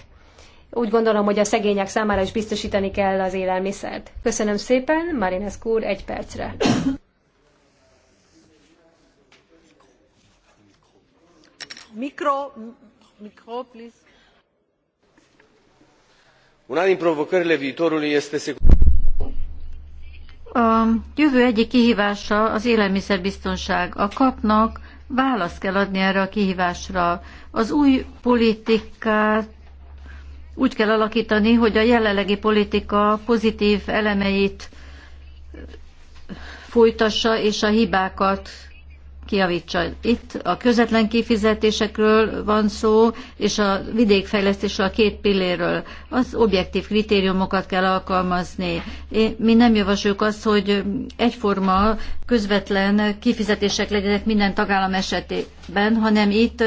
S1: úgy gondolom, hogy a szegények számára is biztosítani kell az élelmiszert. Köszönöm szépen, Marines úr, egy percre.
S6: Mikro mikro, please.
S2: Una din provocările viitorului este
S6: A jövő egyik kihívása az élelmiszerbiztonság. A kapnak választ kell adni erre a kihívásra. Az új politikát úgy kell alakítani, hogy a jelenlegi politika pozitív elemeit folytassa és a hibákat kiavítsa. Itt a közvetlen kifizetésekről van szó, és a vidékfejlesztésről, a két pilléről. Az objektív kritériumokat kell alkalmazni. Mi nem javasoljuk azt, hogy egyforma közvetlen kifizetések legyenek minden tagállam esetében, hanem itt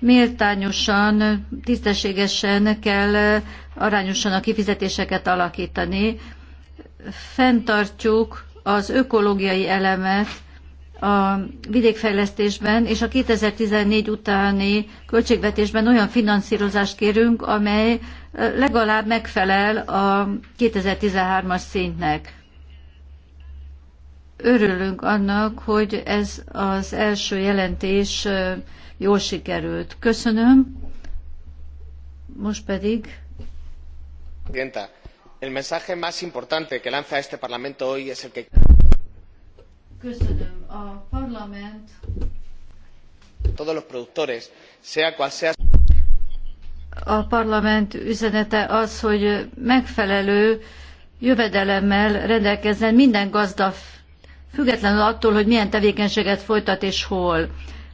S6: méltányosan, tisztességesen kell arányosan a kifizetéseket alakítani. Fentartjuk az ökológiai elemet a vidékfejlesztésben, és a 2014 utáni költségvetésben olyan finanszírozást kérünk, amely legalább megfelel a 2013-as szintnek. Örülünk annak, hogy ez az első jelentés jól sikerült. Köszönöm. Most pedig.
S2: Genta, el mensaje más importante que lanza este Parlamento hoy es el que.
S6: Köszönöm. A parlament.
S2: Todos los productores, sea cual sea.
S6: A parlament üzenete az, hogy megfelelő jövedelemmel rendelkezzen minden gazda, függetlenül attól, hogy milyen tevékenységet folytat és hol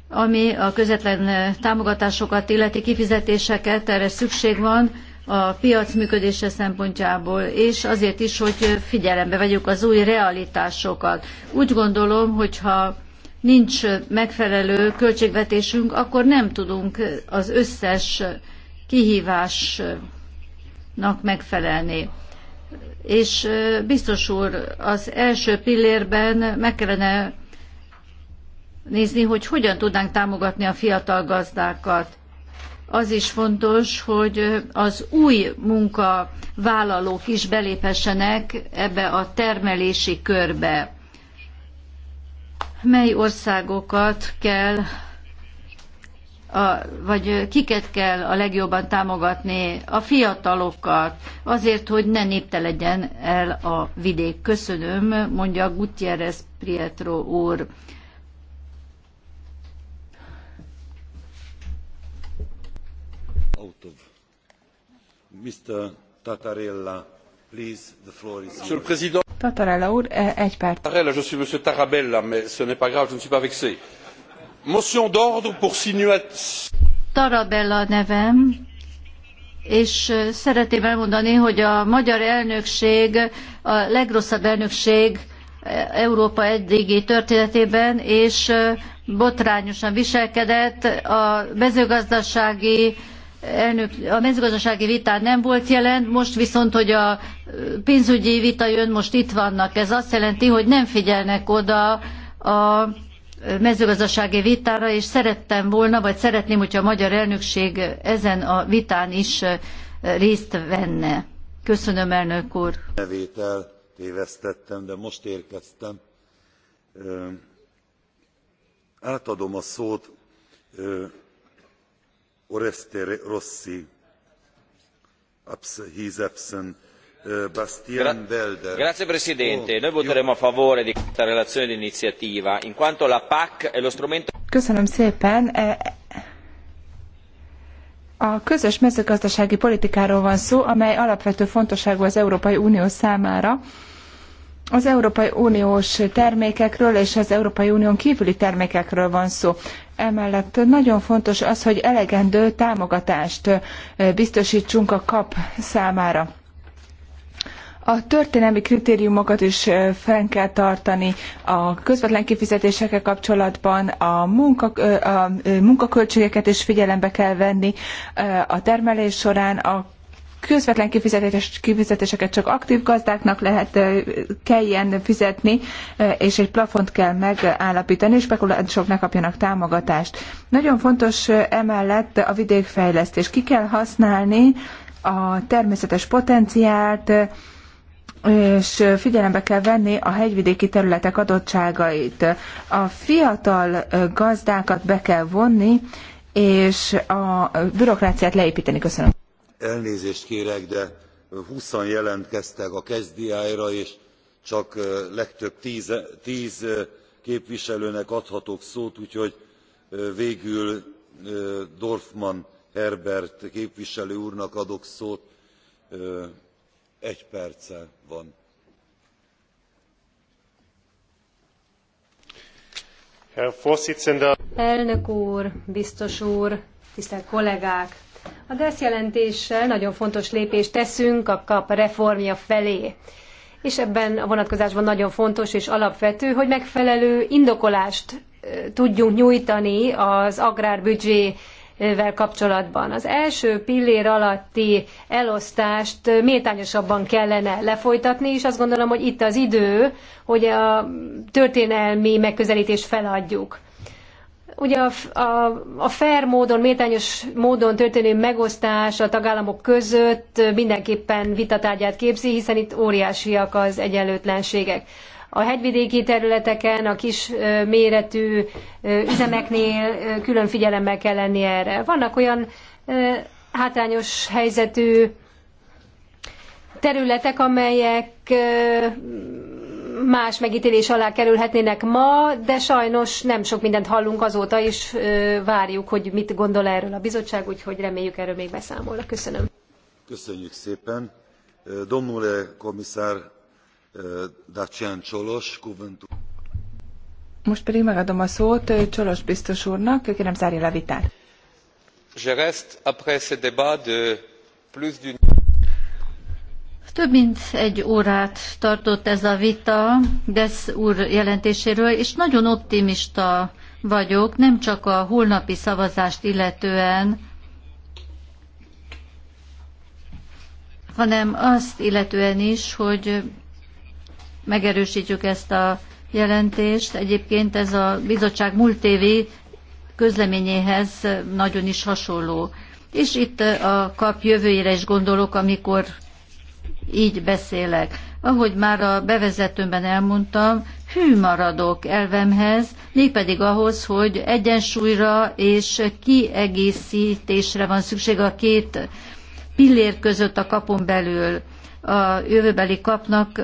S6: ami a közvetlen eh, támogatásokat illeti kifizetéseket, erre szükség van a piac működése szempontjából, és azért is, hogy figyelembe vegyük az új realitásokat. Úgy gondolom, hogyha nincs megfelelő költségvetésünk, akkor nem tudunk az összes kihívásnak megfelelni. És eh, biztos úr, az első pillérben meg kellene nézni, hogy hogyan tudnánk támogatni a fiatal gazdákat. Az is fontos, hogy az új munkavállalók is beléphessenek ebbe a termelési körbe. Mely országokat kell, a, vagy kiket kell a legjobban támogatni? A fiatalokat, azért, hogy ne legyen el a vidék. Köszönöm, mondja Gutierrez Prietro úr.
S7: Monsieur le Président.
S6: Tatarella úr, e, egy perc.
S7: Tatarella, je suis Monsieur Tarabella, mais ce n'est pas grave, je ne suis pas vexé. Motion d'ordre pour
S6: Tarabella nevem, és szeretném elmondani, hogy a magyar elnökség a legrosszabb elnökség e, Európa eddigi történetében, és botrányosan viselkedett a mezőgazdasági elnök, a mezőgazdasági vitán nem volt jelen, most viszont, hogy a pénzügyi vita jön, most itt vannak. Ez azt jelenti, hogy nem figyelnek oda a mezőgazdasági vitára, és szerettem volna, vagy szeretném, hogyha a magyar elnökség ezen a vitán is részt venne. Köszönöm, elnök úr.
S7: Nevétel tévesztettem, de most érkeztem. Átadom a szót oreste rossi signor uh, presidente
S3: oh, noi voteremo a favore di questa relazione d'iniziativa in quanto la pac è lo strumento.
S5: köszönöm szépen e, a közös mezőgazdasági politikáról van szó amely alapvető fontosságú az európai unió számára az Európai Uniós termékekről és az Európai Unión kívüli termékekről van szó. Emellett nagyon fontos az, hogy elegendő támogatást biztosítsunk a kap számára. A történelmi kritériumokat is fenn kell tartani a közvetlen kifizetésekkel kapcsolatban, a, munka, a munkaköltségeket is figyelembe kell venni a termelés során, a közvetlen kifizetés, kifizetéseket csak aktív gazdáknak lehet kelljen fizetni, és egy plafont kell megállapítani, és spekulánsok ne kapjanak támogatást. Nagyon fontos emellett a vidékfejlesztés. Ki kell használni a természetes potenciált, és figyelembe kell venni a hegyvidéki területek adottságait. A fiatal gazdákat be kell vonni, és a bürokráciát leépíteni. Köszönöm
S7: elnézést kérek de húszan jelentkeztek a catch the eye ra és csak legtöbb tz képviselőnek adhatok szót úgyhogy végül dorfmann herbert képviselő úrnak adok szót egy perce van.
S1: elnök úr biztos úr tisztelt kollégák! A DESZ jelentéssel nagyon fontos lépést teszünk a kap reformja felé. És ebben a vonatkozásban nagyon fontos és alapvető, hogy megfelelő indokolást tudjunk nyújtani az agrárbüdzsé kapcsolatban. Az első pillér alatti elosztást méltányosabban kellene lefolytatni, és azt gondolom, hogy itt az idő, hogy a történelmi megközelítést feladjuk. Ugye a, a, a fair módon, méltányos módon történő megosztás a tagállamok között mindenképpen vitatárgyát képzi, hiszen itt óriásiak az egyenlőtlenségek. A hegyvidéki területeken, a kis méretű üzemeknél külön figyelemmel kell lenni erre. Vannak olyan hátrányos helyzetű területek, amelyek más megítélés alá kerülhetnének ma, de sajnos nem sok mindent hallunk azóta, és várjuk, hogy mit gondol erről a bizottság, úgyhogy reméljük erről még beszámolnak. Köszönöm.
S7: Köszönjük szépen. Domnule komisár Dacian Csolos, kuvântul.
S5: Most pedig megadom a szót Csolos biztos úrnak, kérem zárja le vitát.
S7: Je reste après ce débat de
S3: plus d'une
S6: több mint egy órát tartott ez a vita Desz úr jelentéséről, és nagyon optimista vagyok, nem csak a holnapi szavazást illetően, hanem azt illetően is, hogy megerősítjük ezt a jelentést. Egyébként ez a bizottság múlt évi közleményéhez nagyon is hasonló. És itt a kap jövőjére is gondolok, amikor így beszélek. Ahogy már a bevezetőmben elmondtam, hű maradok elvemhez, mégpedig ahhoz, hogy egyensúlyra és kiegészítésre van szükség a két pillér között a kapon belül a jövőbeli kapnak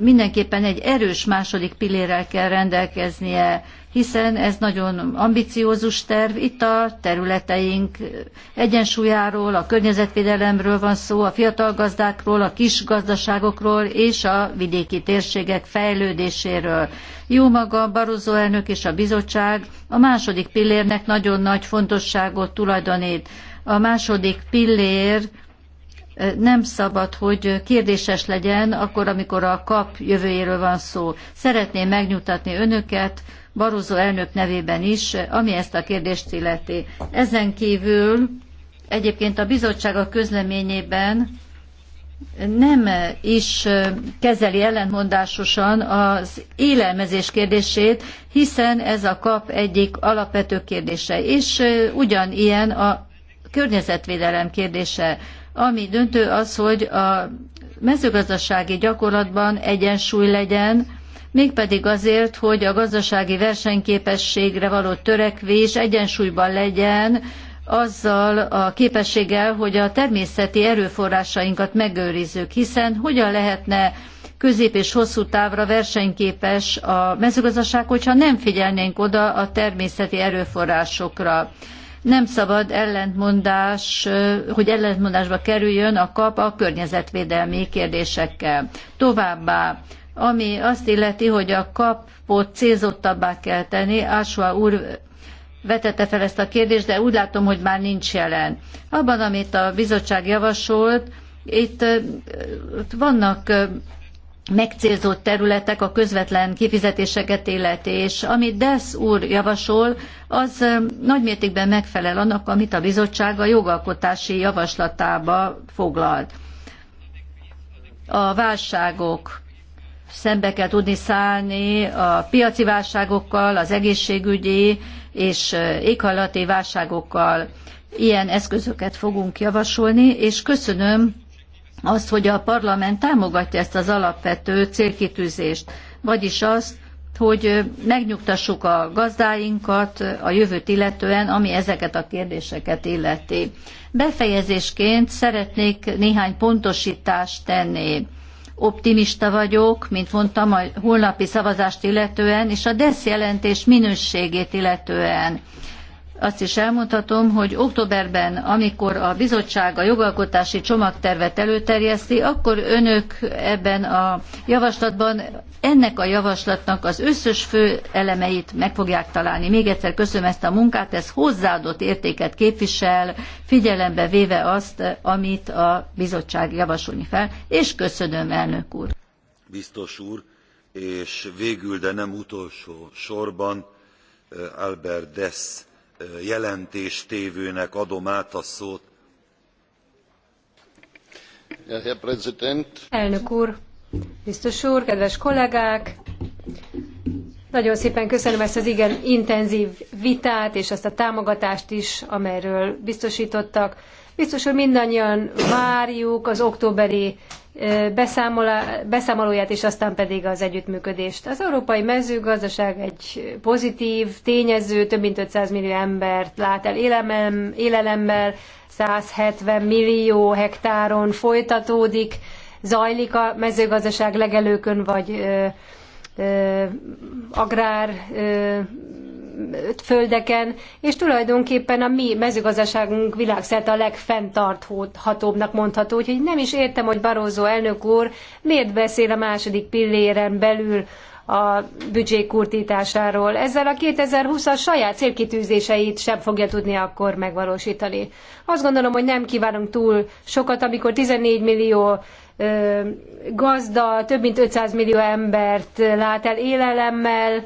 S6: mindenképpen egy erős második pillérrel kell rendelkeznie, hiszen ez nagyon ambiciózus terv. Itt a területeink egyensúlyáról, a környezetvédelemről van szó, a fiatal gazdákról, a kis gazdaságokról és a vidéki térségek fejlődéséről. Jó maga, Barozó elnök és a bizottság a második pillérnek nagyon nagy fontosságot tulajdonít. A második pillér eh, nem szabad, hogy kérdéses legyen, akkor, amikor a kap jövőjéről van szó. Szeretném megnyugtatni önöket, Barozó elnök nevében is, ami ezt a kérdést illeti. Ezen kívül egyébként a bizottság a közleményében nem is kezeli ellentmondásosan az élelmezés kérdését, hiszen ez a kap egyik alapvető kérdése, és ugyanilyen a környezetvédelem kérdése, ami döntő az, hogy a mezőgazdasági gyakorlatban egyensúly legyen, mégpedig azért, hogy a gazdasági versenyképességre való törekvés egyensúlyban legyen azzal a képességgel, hogy a természeti erőforrásainkat megőrizzük, hiszen hogyan lehetne közép és hosszú távra versenyképes a mezőgazdaság, hogyha nem figyelnénk oda a természeti erőforrásokra. Nem szabad ellentmondás, hogy ellentmondásba kerüljön a kap a környezetvédelmi kérdésekkel. Továbbá ami azt illeti, hogy a kapot célzottabbá kell tenni, Ásua úr vetette fel ezt a kérdést, de úgy látom, hogy már nincs jelen. Abban, amit a bizottság javasolt, itt vannak megcélzott területek a közvetlen kifizetéseket illeti, és amit Dess úr javasol, az nagymértékben megfelel annak, amit a bizottság a jogalkotási javaslatába foglalt. A válságok szembe kell tudni szállni a piaci válságokkal, az egészségügyi és éghajlati válságokkal. Ilyen eszközöket fogunk javasolni, és köszönöm azt, hogy a parlament támogatja ezt az alapvető célkitűzést, vagyis azt, hogy megnyugtassuk a gazdáinkat a jövőt illetően, ami ezeket a kérdéseket illeti. Befejezésként szeretnék néhány pontosítást tenni optimista vagyok, mint mondtam, a holnapi szavazást illetően, és a DESZ jelentés minőségét illetően. Azt is elmondhatom, hogy októberben, amikor a bizottság a jogalkotási csomagtervet előterjeszti, akkor önök ebben a javaslatban ennek a javaslatnak az összes fő elemeit meg fogják találni. Még egyszer köszönöm ezt a munkát, ez hozzáadott értéket képvisel, figyelembe véve azt, amit a bizottság javasolni fel, és köszönöm, elnök úr.
S7: Biztos úr, és végül, de nem utolsó sorban, eh, Albert Dess jelentéstévőnek adom át a szót.
S1: Elnök úr, biztos úr, kedves kollégák! Nagyon szépen köszönöm ezt az igen intenzív vitát és azt a támogatást is, amelyről biztosítottak. Biztos, hogy mindannyian várjuk az októberi beszámolóját, és aztán pedig az együttműködést. Az európai mezőgazdaság egy pozitív tényező, több mint 500 millió embert lát el élelemmel, 170 millió hektáron folytatódik, zajlik a mezőgazdaság legelőkön, vagy ö, ö, agrár ö, földeken, és tulajdonképpen a mi mezőgazdaságunk világszerte a legfenntarthatóbbnak mondható, úgyhogy nem is értem, hogy Barózó elnök úr miért beszél a második pilléren belül a büdzsé kurtításáról. Ezzel a 2020-as saját célkitűzéseit sem fogja tudni akkor megvalósítani. Azt gondolom, hogy nem kívánunk túl sokat, amikor 14 millió ö, gazda, több mint 500 millió embert lát el élelemmel,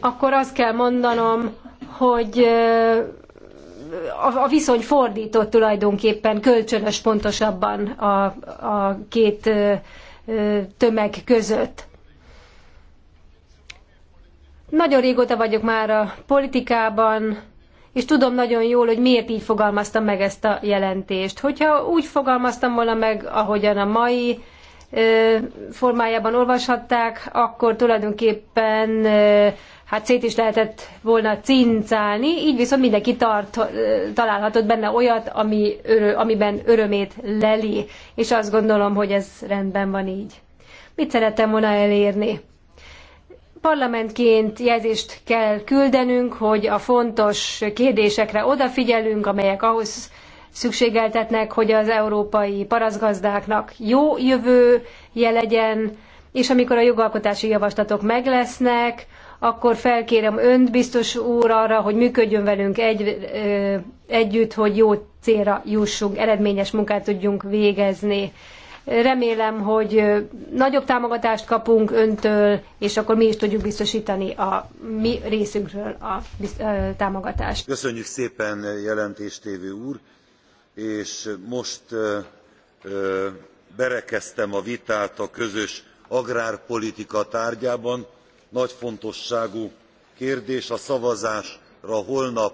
S1: akkor azt kell mondanom, hogy a viszony fordított tulajdonképpen, kölcsönös pontosabban a, a két tömeg között. Nagyon régóta vagyok már a politikában, és tudom nagyon jól, hogy miért így fogalmaztam meg ezt a jelentést. Hogyha úgy fogalmaztam volna meg, ahogyan a mai formájában olvashatták, akkor tulajdonképpen hát szét is lehetett volna cincálni, így viszont mindenki tart, találhatott benne olyat, ami, amiben örömét leli, és azt gondolom, hogy ez rendben van így. Mit szerettem volna elérni? Parlamentként jelzést kell küldenünk, hogy a fontos kérdésekre odafigyelünk, amelyek ahhoz szükségeltetnek, hogy az európai paraszgazdáknak jó jövője legyen, és amikor a jogalkotási javaslatok meglesznek, akkor felkérem önt, biztos úr, arra, hogy működjön velünk egy, ö, együtt, hogy jó célra jussunk, eredményes munkát tudjunk végezni. Remélem, hogy nagyobb támogatást kapunk öntől, és akkor mi is tudjuk biztosítani a mi részünkről a támogatást.
S7: Köszönjük szépen, jelentéstévő úr, és most ö, ö, berekeztem a vitát a közös agrárpolitika tárgyában nagy fontosságú kérdés a szavazásra holnap